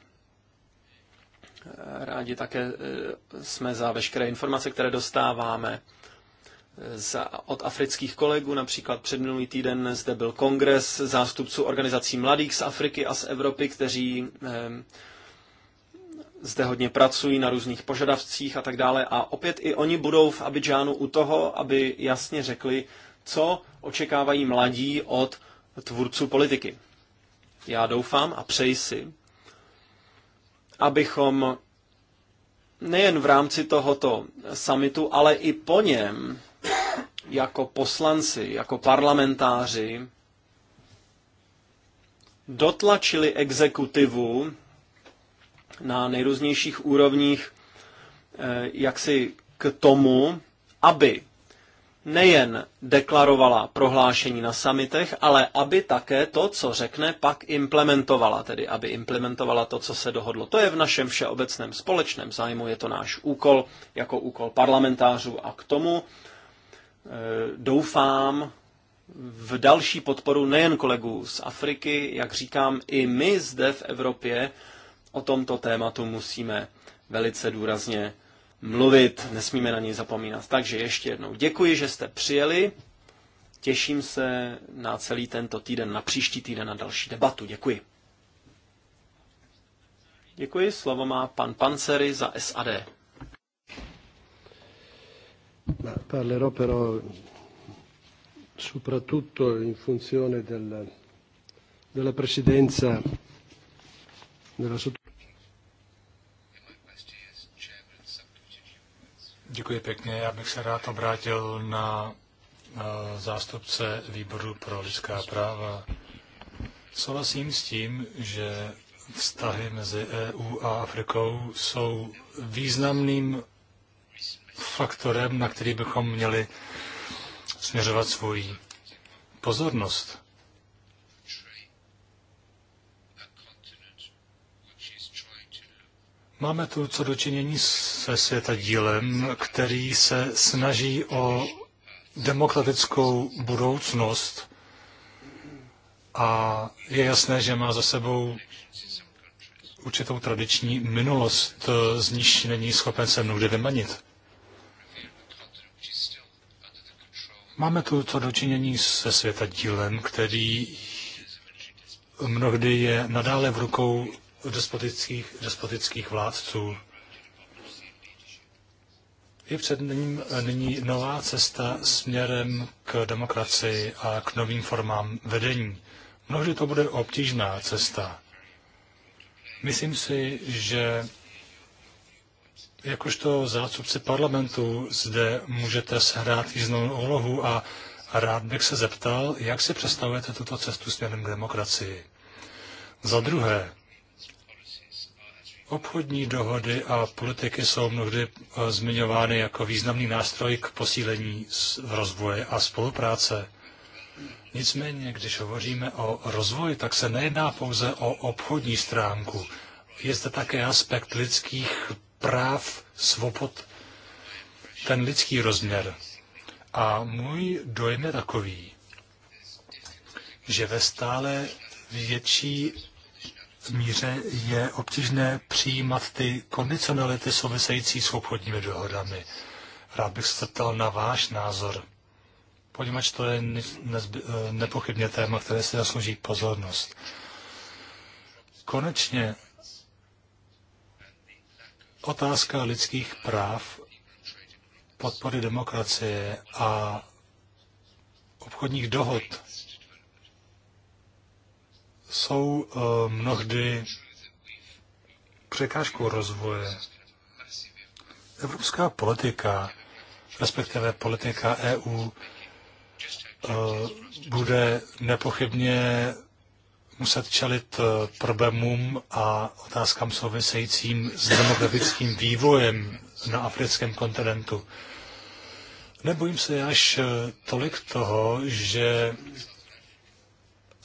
Eh, rádi také jsme za veškeré informace, které dostáváme od afrických kolegů. Například před minulý týden zde byl kongres zástupců organizací mladých z Afriky a z Evropy, kteří zde hodně pracují na různých požadavcích a tak dále. A opět i oni budou v Abidžánu u toho, aby jasně řekli, co očekávají mladí od tvůrců politiky. Já doufám a přeji si, abychom nejen v rámci tohoto samitu, ale i po něm, jako poslanci, jako parlamentáři, dotlačili exekutivu na nejrůznějších úrovních eh, jaksi k tomu, aby nejen deklarovala prohlášení na samitech, ale aby také to, co řekne, pak implementovala, tedy aby implementovala to, co se dohodlo. To je v našem všeobecném společném zájmu, je to náš úkol jako úkol parlamentářů a k tomu eh, doufám v další podporu nejen kolegů z Afriky, jak říkám, i my zde v Evropě o tomto tématu musíme velice důrazně mluvit, nesmíme na něj zapomínat. Takže ještě jednou děkuji, že jste přijeli. Těším se na celý tento týden, na příští týden, na další debatu. Děkuji. Děkuji. Slovo má pan Pancery za SAD. Parlerò però soprattutto in funzione del, della presidenza Děkuji pěkně. Já bych se rád obrátil na zástupce výboru pro lidská práva. Souhlasím s tím, že vztahy mezi EU a Afrikou jsou významným faktorem, na který bychom měli směřovat svoji pozornost. Máme tu co dočinění se světa dílem, který se snaží o demokratickou budoucnost a je jasné, že má za sebou určitou tradiční minulost, z níž není schopen se mnohdy vymanit. Máme tu co dočinění se světa dílem, který mnohdy je nadále v rukou despotických, despotických vládců. Je před ním nyní nová cesta směrem k demokracii a k novým formám vedení. Mnohdy to bude obtížná cesta. Myslím si, že jakožto zástupci parlamentu zde můžete sehrát významnou úlohu a rád bych se zeptal, jak si představujete tuto cestu směrem k demokracii. Za druhé, Obchodní dohody a politiky jsou mnohdy eh, zmiňovány jako významný nástroj k posílení rozvoje a spolupráce. Nicméně, když hovoříme o rozvoji, tak se nejedná pouze o obchodní stránku. Je zde také aspekt lidských práv, svobod, ten lidský rozměr. A můj dojem je takový, že ve stále větší míře je obtížné přijímat ty kondicionality související s obchodními dohodami. Rád bych se zeptal na váš názor, poněvadž to je eh, nepochybně téma, které si zaslouží pozornost. Konečně otázka lidských práv, podpory demokracie a obchodních dohod jsou eh, mnohdy překážkou rozvoje. Evropská politika, respektive politika EU, eh, bude nepochybně muset čelit eh, problémům a otázkám souvisejícím s demografickým vývojem na africkém kontinentu. Nebojím se až tolik toho, že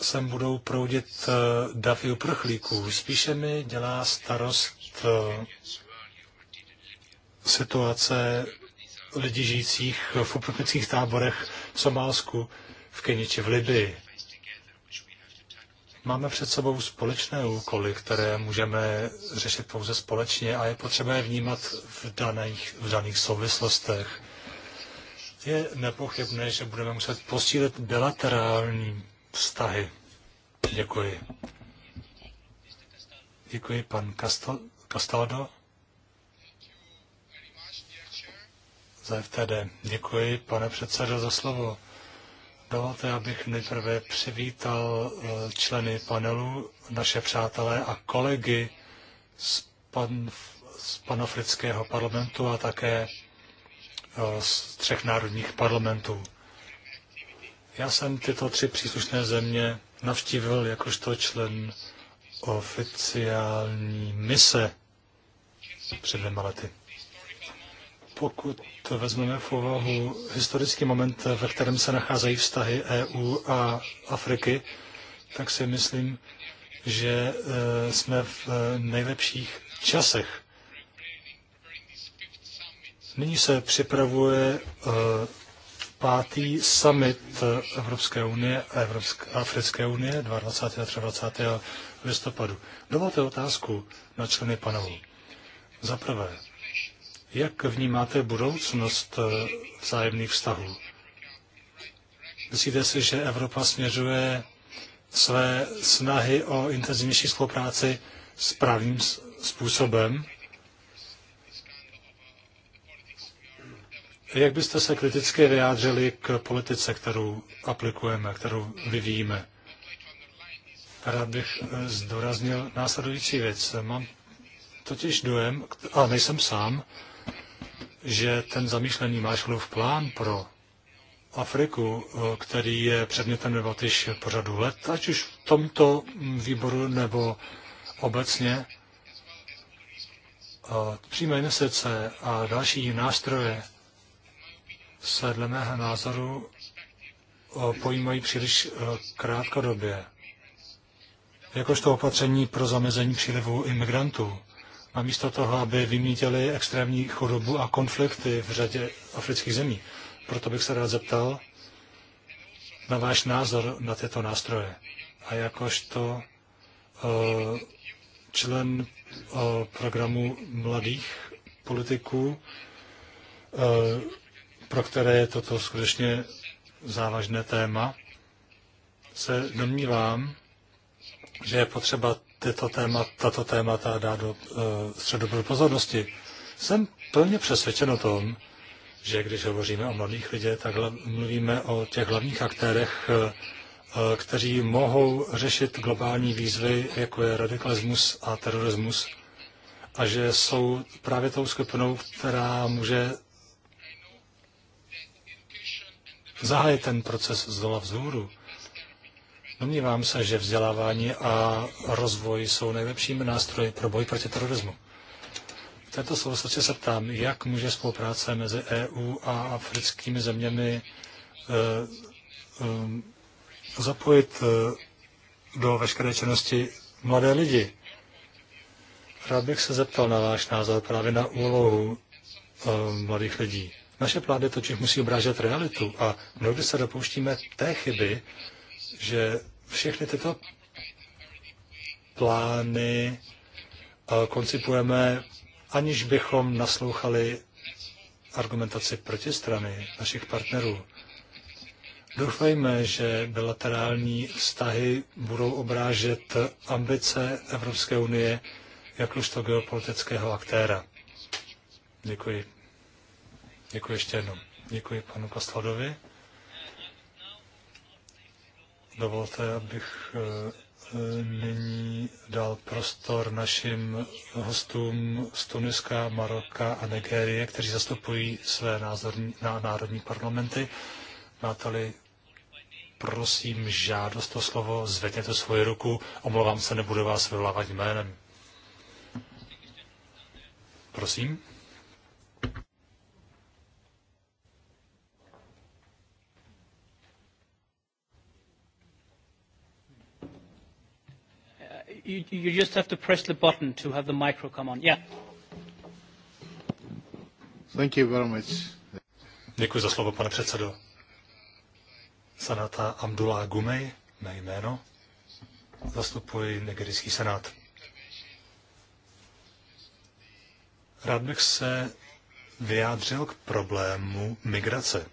sem budou proudit eh, davy uprchlíků. Spíše mi dělá starost eh, situace lidí žijících v uprchlických táborech v Somálsku, v Keni či v Libii. Máme před sebou společné úkoly, které můžeme řešit pouze společně a je potřeba je vnímat v daných, v daných souvislostech. Je nepochybné, že budeme muset posílit bilaterální vztahy. Děkuji. Děkuji, pan Castaldo. Za FTD. Děkuji, pane předsedo, za slovo. Dovolte, abych nejprve přivítal eh, členy panelu, naše přátelé a kolegy z, pan, z panafrického parlamentu a také eh, z třech národních parlamentů. Já jsem tyto tři příslušné země navštívil jakožto člen oficiální mise před dvěma lety. Pokud vezmeme v úvahu historický moment, ve kterém se nacházejí vztahy EU a Afriky, tak si myslím, že eh, jsme v eh, nejlepších časech. Nyní se připravuje eh, pátý summit eh, Evropské unie a Africké unie 22. a 23. listopadu. Dovolte otázku na členy panelu. Za prvé, jak vnímáte budoucnost eh, vzájemných vztahů? Myslíte si, že Evropa směřuje své snahy o intenzivnější spolupráci správným způsobem? Jak byste se kriticky vyjádřili k politice, kterou aplikujeme, kterou vyvíjíme? Rád bych eh, zdoraznil následující věc. Mám totiž dojem, a nejsem sám, že ten zamýšlený Marshallův plán pro Afriku, eh, který je předmětem debaty již po let, ať už v tomto výboru nebo obecně, eh, přímé investice a další nástroje se dle mého názoru eh, pojímají příliš eh, krátkodobě. Jakožto opatření pro zamezení přílivu imigrantů. A místo toho, aby vymítili extrémní chudobu a konflikty v řadě afrických zemí. Proto bych se rád zeptal na váš názor na tyto nástroje. A jakožto eh, člen programu mladých politiků, pro které je toto skutečně závažné téma, se domnívám, že je potřeba tyto téma, tato témata dát do e, středobodu pozornosti. Jsem plně přesvědčen o tom, že když hovoříme o mladých lidech, tak mluvíme o těch hlavních aktérech, eh, eh, kteří mohou řešit globální výzvy, jako je radikalismus a terorismus, a že jsou právě tou skupinou, která může zahájit ten proces z dola vzhůru. Domnívám se, že vzdělávání a rozvoj jsou nejlepšími nástroji pro boj proti terorismu. V této souvislosti se ptám, jak může spolupráce mezi EU a africkými zeměmi eh, eh, zapojit eh, do veškeré činnosti mladé lidi. Rád bych se zeptal na váš názor právě na úlohu mladých lidí. Naše plány totiž musí obrážet realitu a mnohdy se dopouštíme té chyby, že všechny tyto plány eh, koncipujeme, aniž bychom naslouchali argumentaci protistrany našich partnerů. Doufejme, že bilaterální vztahy budou obrážet ambice Evropské unie jakožto geopolitického aktéra. Děkuji. Děkuji ještě jednou. Děkuji panu Pastladovi. Dovolte, abych eh, nyní dal prostor našim hostům z Tuniska, Maroka a Nigérie, kteří zastupují své názorní, na národní parlamenty. Nátali, prosím, žádost o slovo, zvedněte svoji ruku, omlouvám se, nebudu vás vyvolávat jménem. Prosím. you, you just have to press the button to have the micro come on. Yeah. Thank you very much. Děkuji za slovo, pane předsedo. Sanata Abdullah Gumej, mé jméno. Zastupuji nigerijský senát. Rád bych se vyjádřil k problému migrace.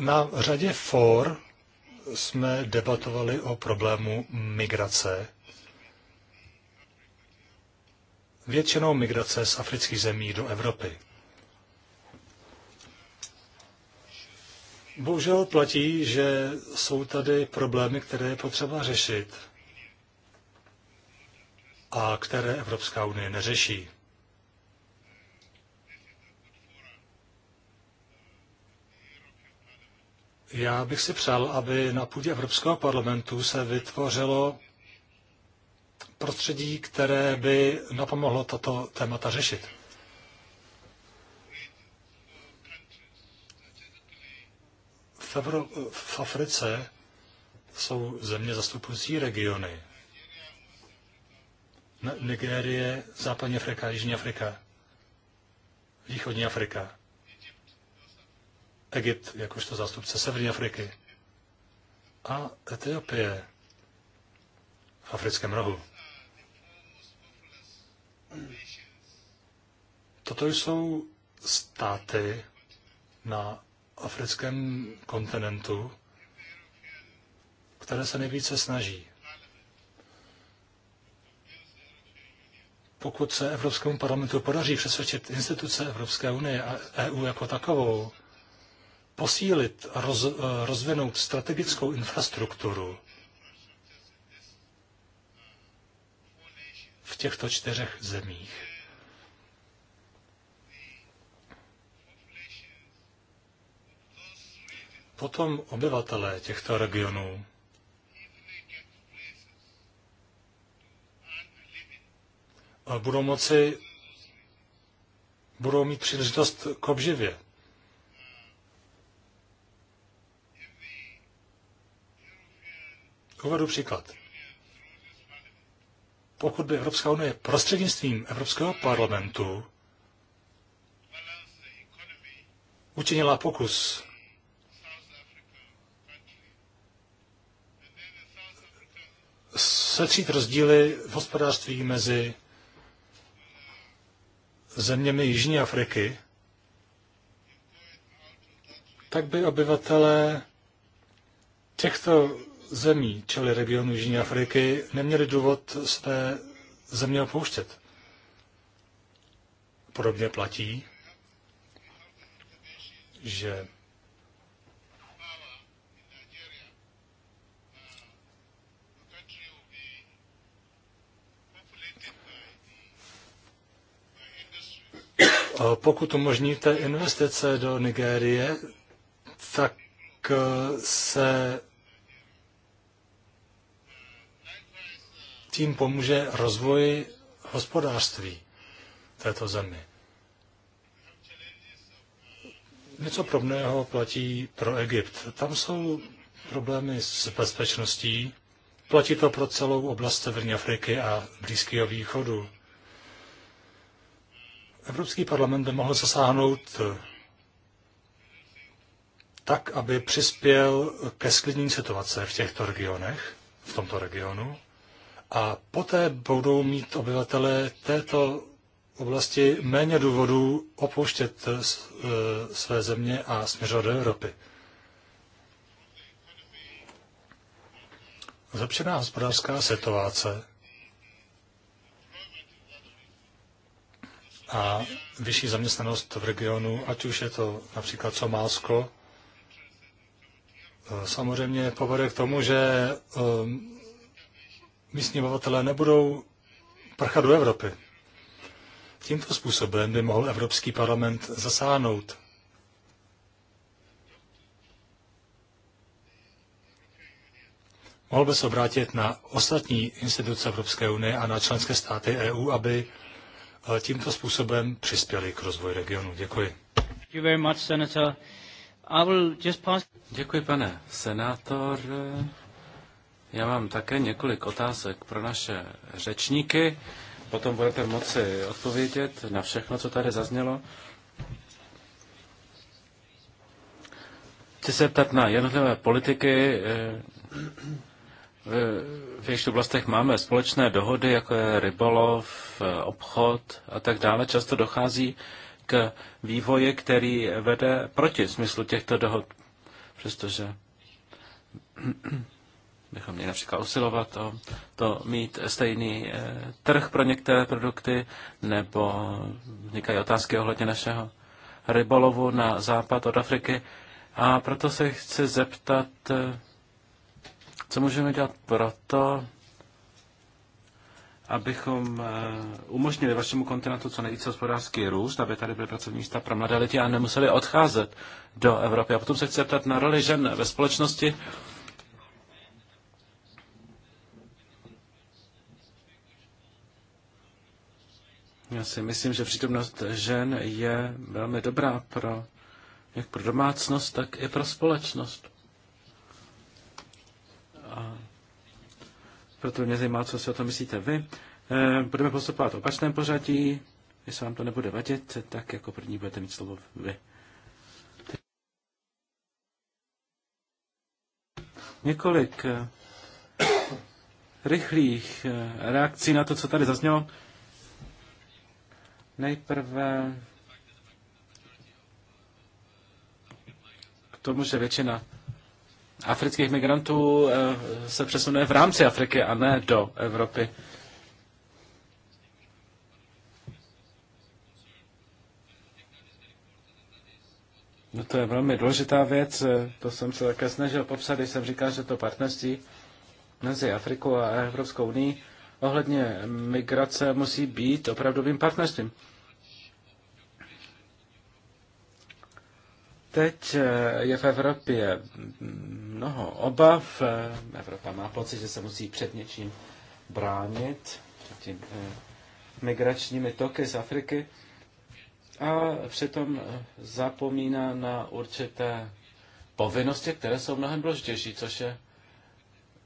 Na řadě for jsme debatovali o problému migrace. Většinou migrace z afrických zemí do Evropy. Bohužel platí, že jsou tady problémy, které je potřeba řešit a které Evropská unie neřeší. Já bych si přál, aby na půdě Evropského parlamentu se vytvořilo prostředí, které by napomohlo tato témata řešit. V, Evro- v Africe jsou země zastupující regiony. Nigérie, Západní Afrika, Jižní Afrika, Východní Afrika. Egypt jakožto zástupce Severní Afriky a Etiopie v africkém rohu. Toto jsou státy na africkém kontinentu, které se nejvíce snaží. Pokud se Evropskému parlamentu podaří přesvědčit instituce Evropské unie a EU jako takovou, posílit, roz, eh, rozvinout strategickou infrastrukturu v těchto čtyřech zemích. Potom obyvatelé těchto regionů budou moci budou mít příležitost k obživě. Uvedu příklad. Pokud by Evropská unie prostřednictvím Evropského parlamentu učinila pokus setřít rozdíly v hospodářství mezi zeměmi Jižní Afriky, tak by obyvatelé těchto zemí, čili regionu Jižní Afriky, neměli důvod své země opouštět. Podobně platí, že Pokud umožníte investice do Nigérie, tak eh, se tím pomůže rozvoji hospodářství této zemi. Něco podobného platí pro Egypt. Tam jsou problémy s bezpečností. Platí to pro celou oblast Severní Afriky a Blízkého východu. Evropský parlament by mohl zasáhnout tak, aby přispěl ke sklidnění situace v těchto regionech, v tomto regionu. A poté budou mít obyvatelé této oblasti méně důvodů opouštět eh, eh, své země a směřovat do Evropy. Zlepšená hospodářská situace a vyšší zaměstnanost v regionu, ať už je to například Somálsko, eh, samozřejmě povede k tomu, že místní obyvatelé nebudou prchat do Evropy. Tímto způsobem by mohl Evropský parlament zasáhnout. Mohl by se obrátit na ostatní instituce Evropské unie a na členské státy EU, aby eh, tímto způsobem přispěli k rozvoji regionu. Děkuji. Děkuji, pane senátor. Já mám také několik otázek pro naše řečníky. Potom budete moci odpovědět na všechno, co tady zaznělo. Chci se ptat na jednotlivé politiky. Eh, v jejich oblastech máme společné dohody, jako je rybolov, obchod a tak dále. Často dochází k vývoji, který vede proti smyslu těchto dohod, přestože bychom měli například usilovat o to mít stejný eh, trh pro některé produkty, nebo vznikají otázky ohledně našeho rybolovu na západ od Afriky. A proto se chci zeptat, eh, co můžeme dělat proto, abychom eh, umožnili vašemu kontinentu co nejvíce hospodářský růst, aby tady byly pracovní místa pro mladé lidi a nemuseli odcházet do Evropy. A potom se chci zeptat na roli žen ve společnosti. Já si myslím, že přítomnost žen je velmi dobrá pro jak pro domácnost, tak i pro společnost. A proto mě zajímá, co si o tom myslíte vy. Eh, budeme postupovat v opačném pořadí. Jestli vám to nebude vadit, tak jako první budete mít slovo vy. Několik eh, rychlých eh, reakcí na to, co tady zaznělo. Nejprve k tomu, že většina afrických migrantů eh, se přesunuje v rámci Afriky a ne do Evropy. No to je velmi důležitá věc, eh, to jsem se také snažil popsat, když jsem říkal, že to partnerství mezi Afrikou a Evropskou unii ohledně migrace musí být opravdovým partnerstvím. Teď eh, je v Evropě mnoho obav. Eh, Evropa má pocit, že se musí před něčím bránit, před tím eh, migračními toky z Afriky a přitom zapomíná na určité povinnosti, které jsou mnohem důležitější, což je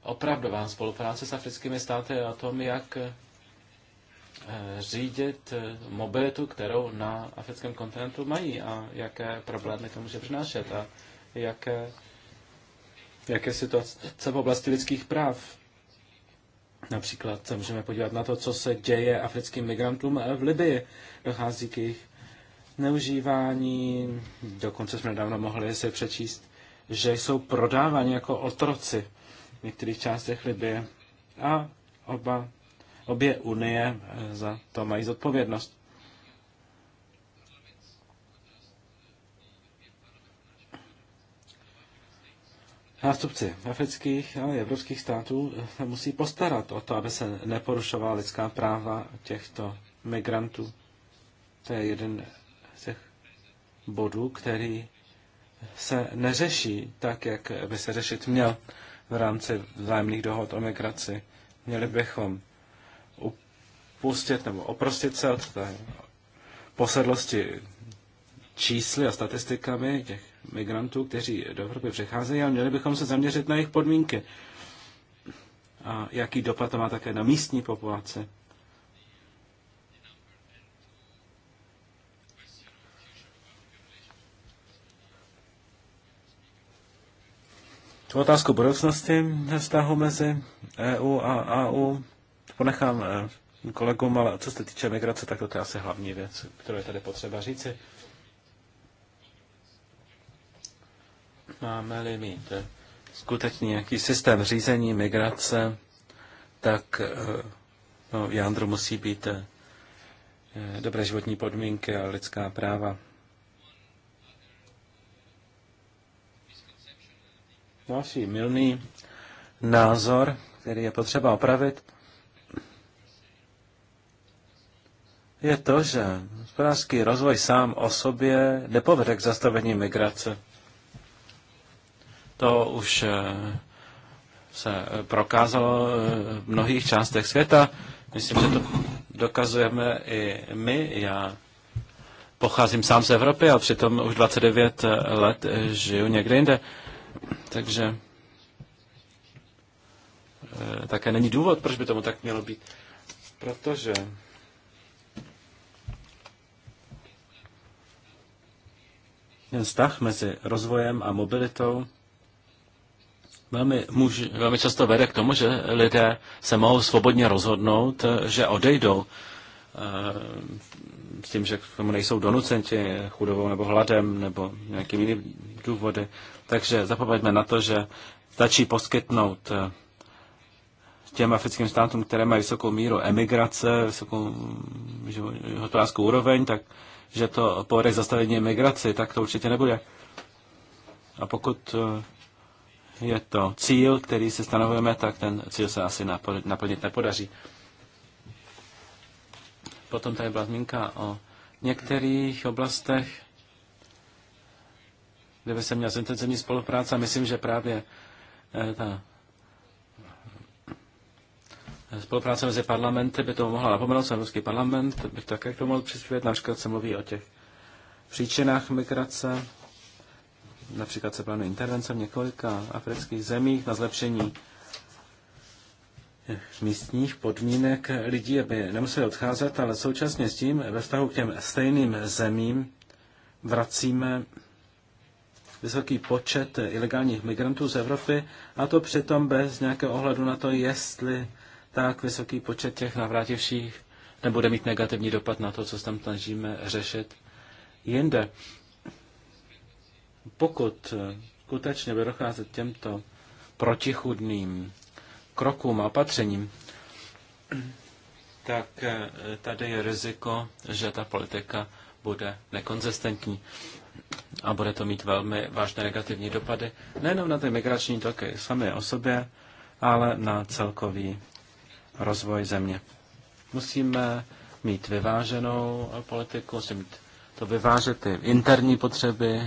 opravdová spolupráce s africkými státy je o tom, jak eh, řídit eh, mobilitu, kterou na africkém kontinentu mají a jaké problémy to může přinášet a jaké, jaké situace v oblasti lidských práv. Například se můžeme podívat na to, co se děje africkým migrantům v Libii. Dochází k jejich neužívání. Dokonce jsme nedávno mohli si přečíst, že jsou prodáváni jako otroci některých částech Libie. A oba, obě unie eh, za to mají zodpovědnost. Nástupci afrických a evropských států eh, se musí postarat o to, aby se neporušovala lidská práva těchto migrantů. To je jeden z těch bodů, který se neřeší tak, jak by se řešit měl v rámci vzájemných dohod o migraci. Měli bychom upustit nebo oprostit se od té posedlosti čísly a statistikami těch migrantů, kteří do Evropy přicházejí, ale měli bychom se zaměřit na jejich podmínky a jaký dopad to má také na místní populaci. Tu otázku budoucnosti ve vztahu mezi EU a AU ponechám eh, kolegům, ale co se týče migrace, tak to je asi hlavní věc, kterou je tady potřeba říci. Máme-li mít eh, skutečně nějaký systém řízení migrace, tak eh, no, v musí být dobré životní podmínky a lidská práva. Další milný názor, který je potřeba opravit, je to, že hospodářský rozvoj sám o sobě nepovede k zastavení migrace. To už eh, se prokázalo eh, v mnohých částech světa. Myslím, že to dokazujeme i my. Já pocházím sám z Evropy a přitom už 29 let žiju někde jinde. Takže eh, také není důvod, proč by tomu tak mělo být. Protože ten vztah mezi rozvojem a mobilitou velmi, muž, velmi často vede k tomu, že lidé se mohou svobodně rozhodnout, že odejdou eh, s tím, že k tomu nejsou donuceni chudobou nebo hladem nebo nějakými jinými důvody. Takže zapomeňme na to, že stačí poskytnout eh, těm africkým státům, které mají vysokou míru emigrace, vysokou hospodářskou úroveň, tak že to povede k zastavení emigraci, tak to určitě nebude. A pokud eh, je to cíl, který si stanovujeme, tak ten cíl se asi naplnit nepodaří. Potom tady byla zmínka o některých oblastech, kdyby se měla zintenzivní spolupráce. Myslím, že právě eh, ta spolupráce mezi parlamenty by to mohla napomenout. ruský parlament bych také k tomu mohl přispět. Například se mluví o těch příčinách migrace. Například se plánuje intervence v několika afrických zemích na zlepšení místních podmínek lidí, aby nemuseli odcházet, ale současně s tím ve vztahu k těm stejným zemím vracíme vysoký počet ilegálních migrantů z Evropy a to přitom bez nějakého ohledu na to, jestli tak vysoký počet těch navrátivších nebude mít negativní dopad na to, co se tam snažíme řešit jinde. Pokud skutečně bude docházet těmto protichudným krokům a opatřením, tak eh, tady je riziko, že ta politika bude nekonzistentní a bude to mít velmi vážné negativní dopady nejenom na ty migrační toky samé o sobě, ale na celkový rozvoj země. Musíme mít vyváženou politiku, musíme mít to vyvážet ty interní potřeby,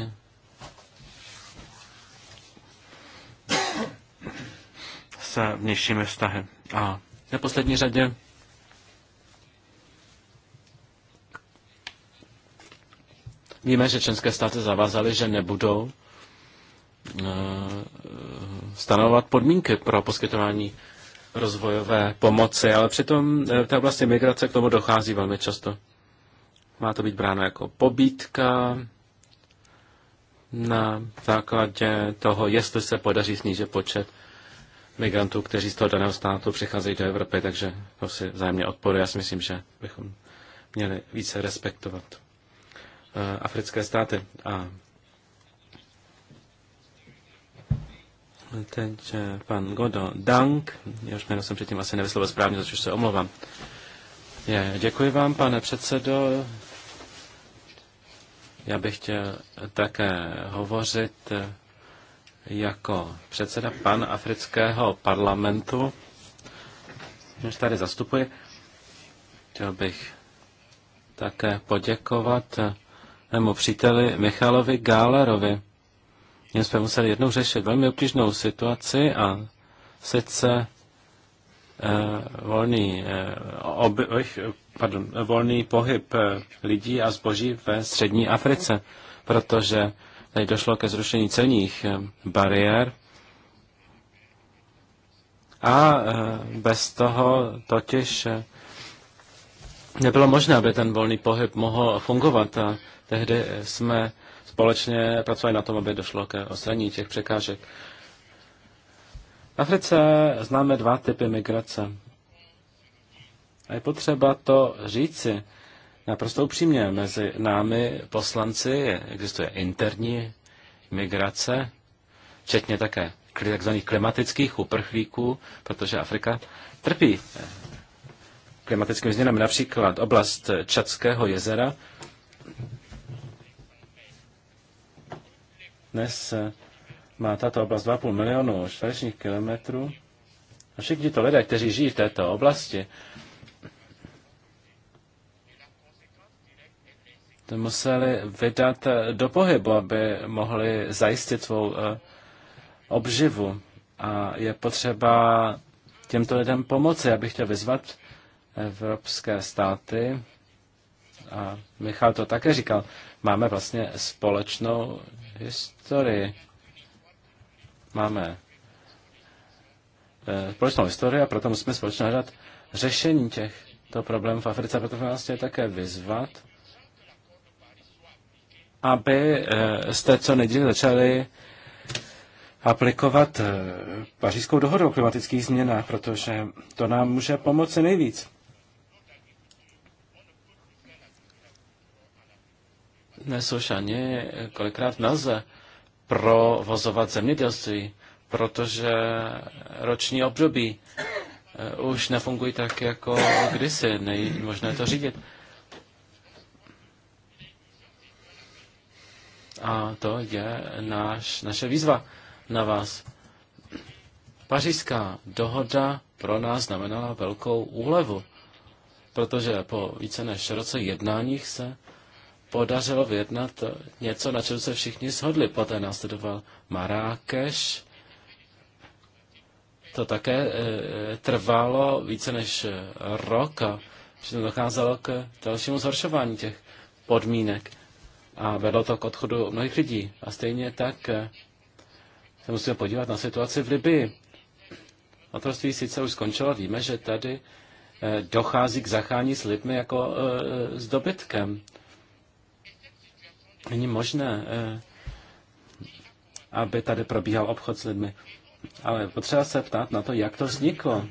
se vnějšími vztahy. A v neposlední řadě Víme, že členské státy zavázaly, že nebudou eh, stanovat podmínky pro poskytování rozvojové pomoci, ale přitom eh, v té oblasti migrace k tomu dochází velmi často. Má to být bráno jako pobítka na základě toho, jestli se podaří snížit počet migrantů, kteří z toho daného státu přicházejí do Evropy, takže to si vzájemně odporuje. Já si myslím, že bychom měli více respektovat Eh, africké státy. A teď eh, pan Godo Dank, jehož jméno jsem předtím asi nevyslovil správně, což se omlouvám. Je, děkuji vám, pane předsedo. Já bych chtěl také hovořit eh, jako předseda pan afrického parlamentu, než tady zastupuji. Chtěl bych také poděkovat mému příteli Michalovi Gálerovi. Měli jsme museli jednou řešit velmi obtížnou situaci a sice eh, volný, eh, ob, eh, pardon, volný pohyb eh, lidí a zboží ve střední Africe, protože tady došlo ke zrušení celních eh, bariér a eh, bez toho totiž eh, nebylo možné, aby ten volný pohyb mohl fungovat. A Tehdy jsme společně pracovali na tom, aby došlo ke odstranění těch překážek. V Africe známe dva typy migrace. A je potřeba to říci. Naprosto upřímně, mezi námi poslanci existuje interní migrace, včetně také tzv. klimatických uprchlíků, protože Afrika trpí klimatickými změnami. Například oblast Čadského jezera Dnes eh, má tato oblast 2,5 milionu čtverečních kilometrů. A všichni to lidé, kteří žijí v této oblasti, to museli vydat eh, do pohybu, aby mohli zajistit svou eh, obživu. A je potřeba těmto lidem pomoci. Já bych chtěl vyzvat evropské státy, a Michal to také říkal, máme vlastně společnou historii. Máme eh, společnou historii a proto musíme společně hledat řešení těchto problémů v Africe. Proto vás je také vyzvat, aby eh, jste co nejdříve začali aplikovat eh, pařížskou dohodu o klimatických změnách, protože to nám může pomoci nejvíc. dnes ani kolikrát nelze provozovat zemědělství, protože roční období eh, už nefungují tak, jako kdysi. Není možné to řídit. A to je náš, naše výzva na vás. Pařížská dohoda pro nás znamenala velkou úlevu, protože po více než roce jednáních se podařilo vyjednat něco, na čem se všichni shodli. Poté následoval Marákeš. To také eh, trvalo více než rok a přitom docházelo k dalšímu zhoršování těch podmínek a vedlo to k odchodu mnohých lidí. A stejně tak eh, se musíme podívat na situaci v Libii. Otroství sice už skončilo, víme, že tady eh, dochází k zachání s lidmi jako s dobytkem. Není možné, eh, aby tady probíhal obchod s lidmi. Ale potřeba se ptát na to, jak to vzniklo.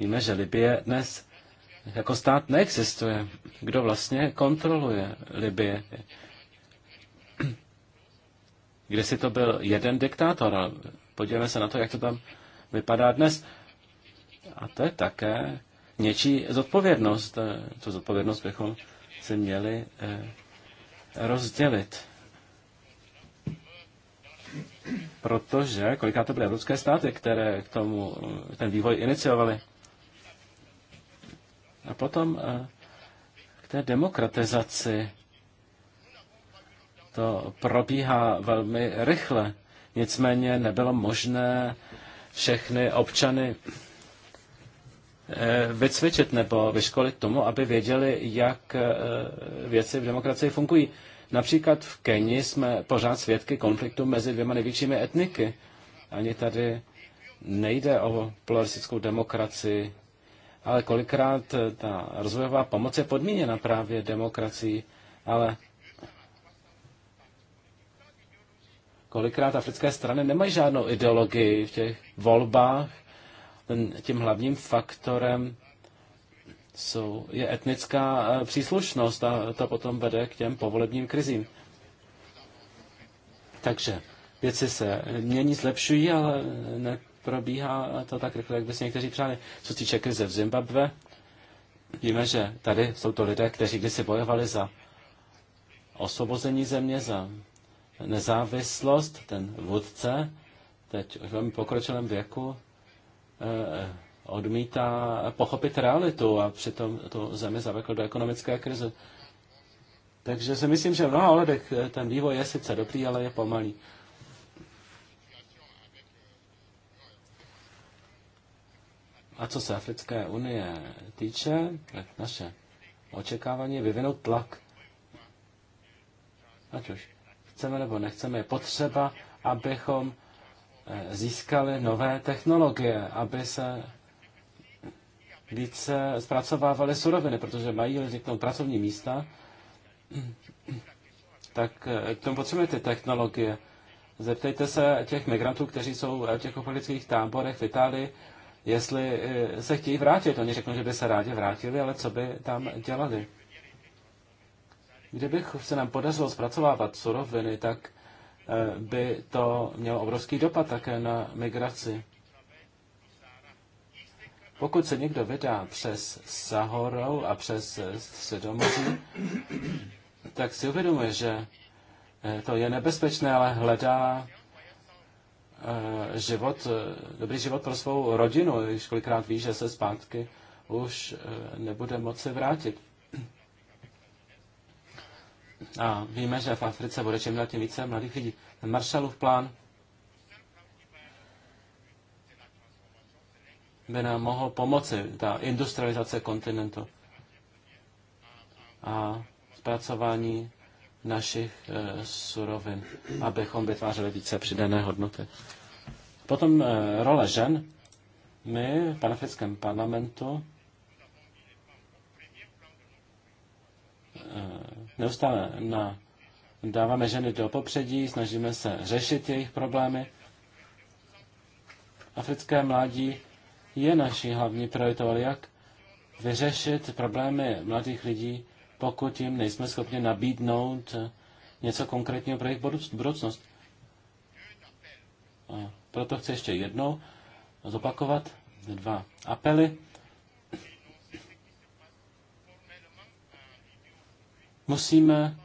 Víme, že Libie dnes jako stát neexistuje. Kdo vlastně kontroluje Libie? Kde si to byl jeden diktátor, podívejme se na to, jak to tam vypadá dnes. A to je také něčí zodpovědnost. Eh, tu zodpovědnost bychom si měli eh, rozdělit. Protože koliká to byly evropské státy, které k tomu ten vývoj iniciovaly. A potom eh, k té demokratizaci. To probíhá velmi rychle. Nicméně nebylo možné všechny občany Eh, vycvičit nebo vyškolit tomu, aby věděli, jak eh, věci v demokracii fungují. Například v Keni jsme pořád svědky konfliktu mezi dvěma největšími etniky. Ani tady nejde o pluralistickou demokracii, ale kolikrát eh, ta rozvojová pomoc je podmíněna právě demokracií, ale kolikrát africké strany nemají žádnou ideologii v těch volbách, ten, tím hlavním faktorem jsou, je etnická eh, příslušnost a to potom vede k těm povolebním krizím. Takže věci se mění, zlepšují, ale neprobíhá to tak rychle, jak by si někteří přáli. Co se týče krize v Zimbabve, víme, že tady jsou to lidé, kteří kdysi bojovali za osvobození země, za nezávislost, ten vůdce, teď v velmi pokročilém věku, Eh, odmítá pochopit realitu a přitom to zemi zavekl do ekonomické krize. Takže si myslím, že v mnoha ohledech eh, ten vývoj je sice dobrý, ale je pomalý. A co se Africké unie týče, tak naše očekávání je vyvinout tlak. Ať už chceme nebo nechceme, je potřeba, abychom získali nové technologie, aby se více zpracovávaly suroviny, protože mají vzniknout pracovní místa, tak k tomu potřebujete ty technologie. Zeptejte se těch migrantů, kteří jsou v těch politických táborech v Itálii, jestli eh, se chtějí vrátit. Oni řeknou, že by se rádi vrátili, ale co by tam dělali? Kdybych se nám podařilo zpracovávat suroviny, tak Eh, by to mělo obrovský dopad také na migraci. Pokud se někdo vydá přes Sahorou a přes Středomoří, tak si uvědomuje, že eh, to je nebezpečné, ale hledá eh, život, dobrý život pro svou rodinu, když kolikrát ví, že se zpátky už nebude moci vrátit. A víme, že v Africe bude čím dál tím více mladých lidí. Ten Marshallův plán by nám mohl pomoci, ta industrializace kontinentu a zpracování našich e, surovin, abychom vytvářeli více přidané hodnoty. Potom e, role žen. My v panafrickém parlamentu eh, neustále na, dáváme ženy do popředí, snažíme se řešit jejich problémy. Africké mládí je naší hlavní prioritou, ale jak vyřešit problémy mladých lidí, pokud jim nejsme schopni nabídnout něco konkrétního pro jejich budoucnost. A proto chci ještě jednou zopakovat dva apely. Musíme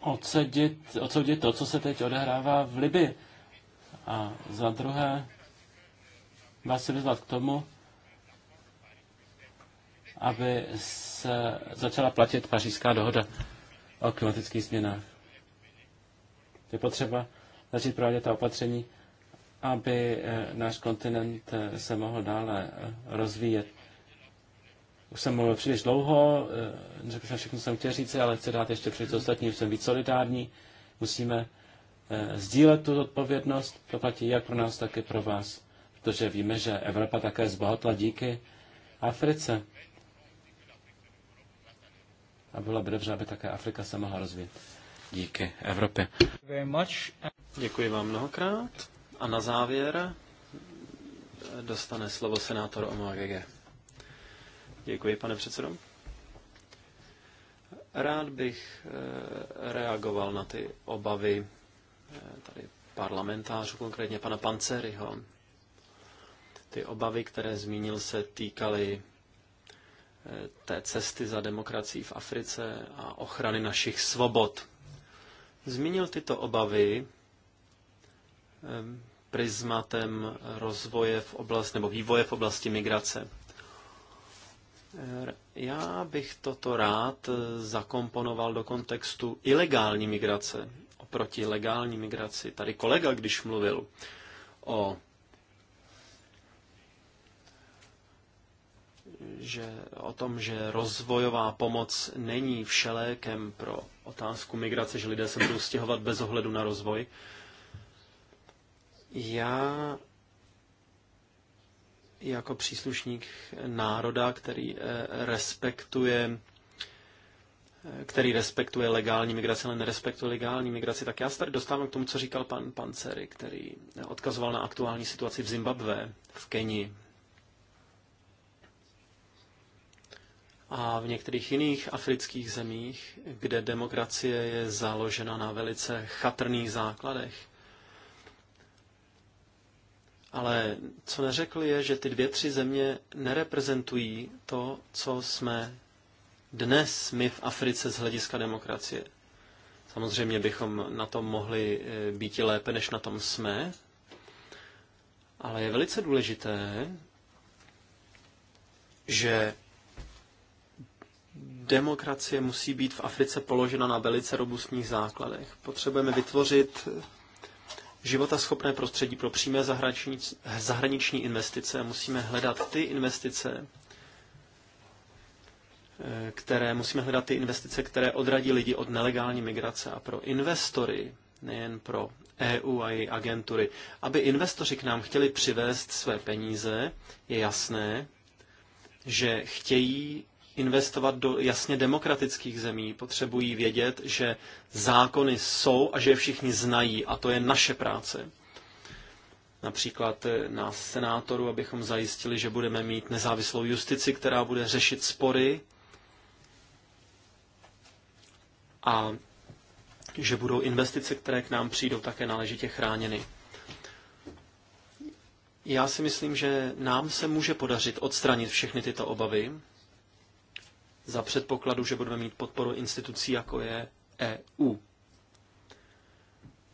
odsedit, odsoudit to, co se teď odehrává v Libii. A za druhé vás chci vyzvat k tomu, aby se začala platit pařížská dohoda o klimatických změnách. Je potřeba začít provádět ta opatření, aby eh, náš kontinent eh, se mohl dále eh, rozvíjet. Už jsem mluvil příliš dlouho, eh, řekl jsem všechno, co jsem chtěl říct, ale chci dát ještě před ostatní, že jsem víc solidární. Musíme eh, sdílet tu odpovědnost, to platí jak pro nás, tak i pro vás, protože víme, že Evropa také zbohatla díky Africe. A bylo by dobře, aby také Afrika se mohla rozvíjet. Díky Evropě. Děkuji vám mnohokrát. A na závěr dostane slovo senátor Omagege. Děkuji, pane předsedo. Rád bych eh, reagoval na ty obavy eh, tady parlamentářů, konkrétně pana Panceryho. Ty obavy, které zmínil, se týkaly eh, té cesty za demokracií v Africe a ochrany našich svobod. Zmínil tyto obavy prismatem rozvoje v oblasti, nebo vývoje v oblasti migrace. Já bych toto rád zakomponoval do kontextu ilegální migrace oproti legální migraci. Tady kolega, když mluvil o že o tom, že rozvojová pomoc není všelékem pro otázku migrace, že lidé se budou stěhovat bez ohledu na rozvoj. Já jako příslušník národa, který eh, respektuje eh, který respektuje legální migraci, ale nerespektuje legální migraci, tak já se tady dostávám k tomu, co říkal pan Panceri, který eh, odkazoval na aktuální situaci v Zimbabwe, v Keni a v některých jiných afrických zemích, kde demokracie je založena na velice chatrných základech. Ale co neřekl je, že ty dvě, tři země nereprezentují to, co jsme dnes my v Africe z hlediska demokracie. Samozřejmě bychom na tom mohli eh, být lépe, než na tom jsme, ale je velice důležité, že demokracie musí být v Africe položena na velice robustních základech. Potřebujeme vytvořit života schopné prostředí pro přímé zahraniční, zahraniční investice. Musíme hledat ty investice, eh, které, musíme hledat ty investice, které odradí lidi od nelegální migrace a pro investory, nejen pro EU a její agentury. Aby investoři k nám chtěli přivést své peníze, je jasné, že chtějí investovat do jasně demokratických zemí. Potřebují vědět, že zákony jsou a že je všichni znají a to je naše práce. Například eh, na senátoru, abychom zajistili, že budeme mít nezávislou justici, která bude řešit spory a že budou investice, které k nám přijdou, také náležitě chráněny. Já si myslím, že nám se může podařit odstranit všechny tyto obavy za předpokladu, že budeme mít podporu institucí, jako je EU.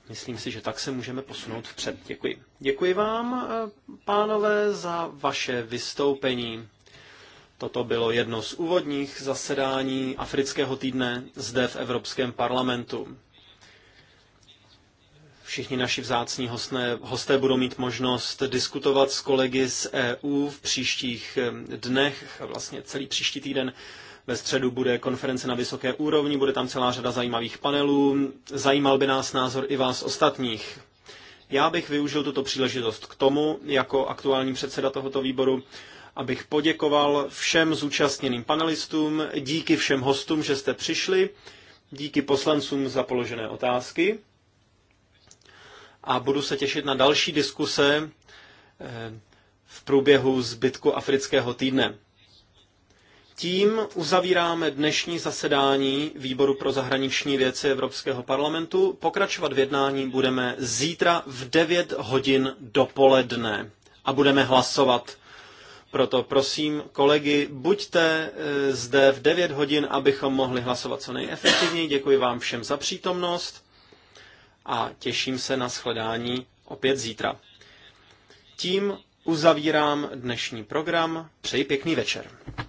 Myslím si, že tak se můžeme posunout vpřed. Děkuji. Děkuji vám, eh, pánové, za vaše vystoupení. Toto bylo jedno z úvodních zasedání Afrického týdne zde v Evropském parlamentu. Všichni naši vzácní hostné, hosté budou mít možnost diskutovat s kolegy z EU v příštích eh, dnech, vlastně celý příští týden ve středu bude konference na vysoké úrovni, bude tam celá řada zajímavých panelů. Zajímal by nás názor i vás ostatních. Já bych využil tuto příležitost k tomu, jako aktuální předseda tohoto výboru, abych poděkoval všem zúčastněným panelistům, díky všem hostům, že jste přišli, díky poslancům za položené otázky a budu se těšit na další diskuse eh, v průběhu zbytku afrického týdne. Tím uzavíráme dnešní zasedání Výboru pro zahraniční věci Evropského parlamentu. Pokračovat v jednání budeme zítra v 9 hodin dopoledne a budeme hlasovat. Proto prosím kolegy, buďte e, zde v 9 hodin, abychom mohli hlasovat co nejefektivněji. Děkuji vám všem za přítomnost a těším se na shledání opět zítra. Tím uzavírám dnešní program. Přeji pěkný večer.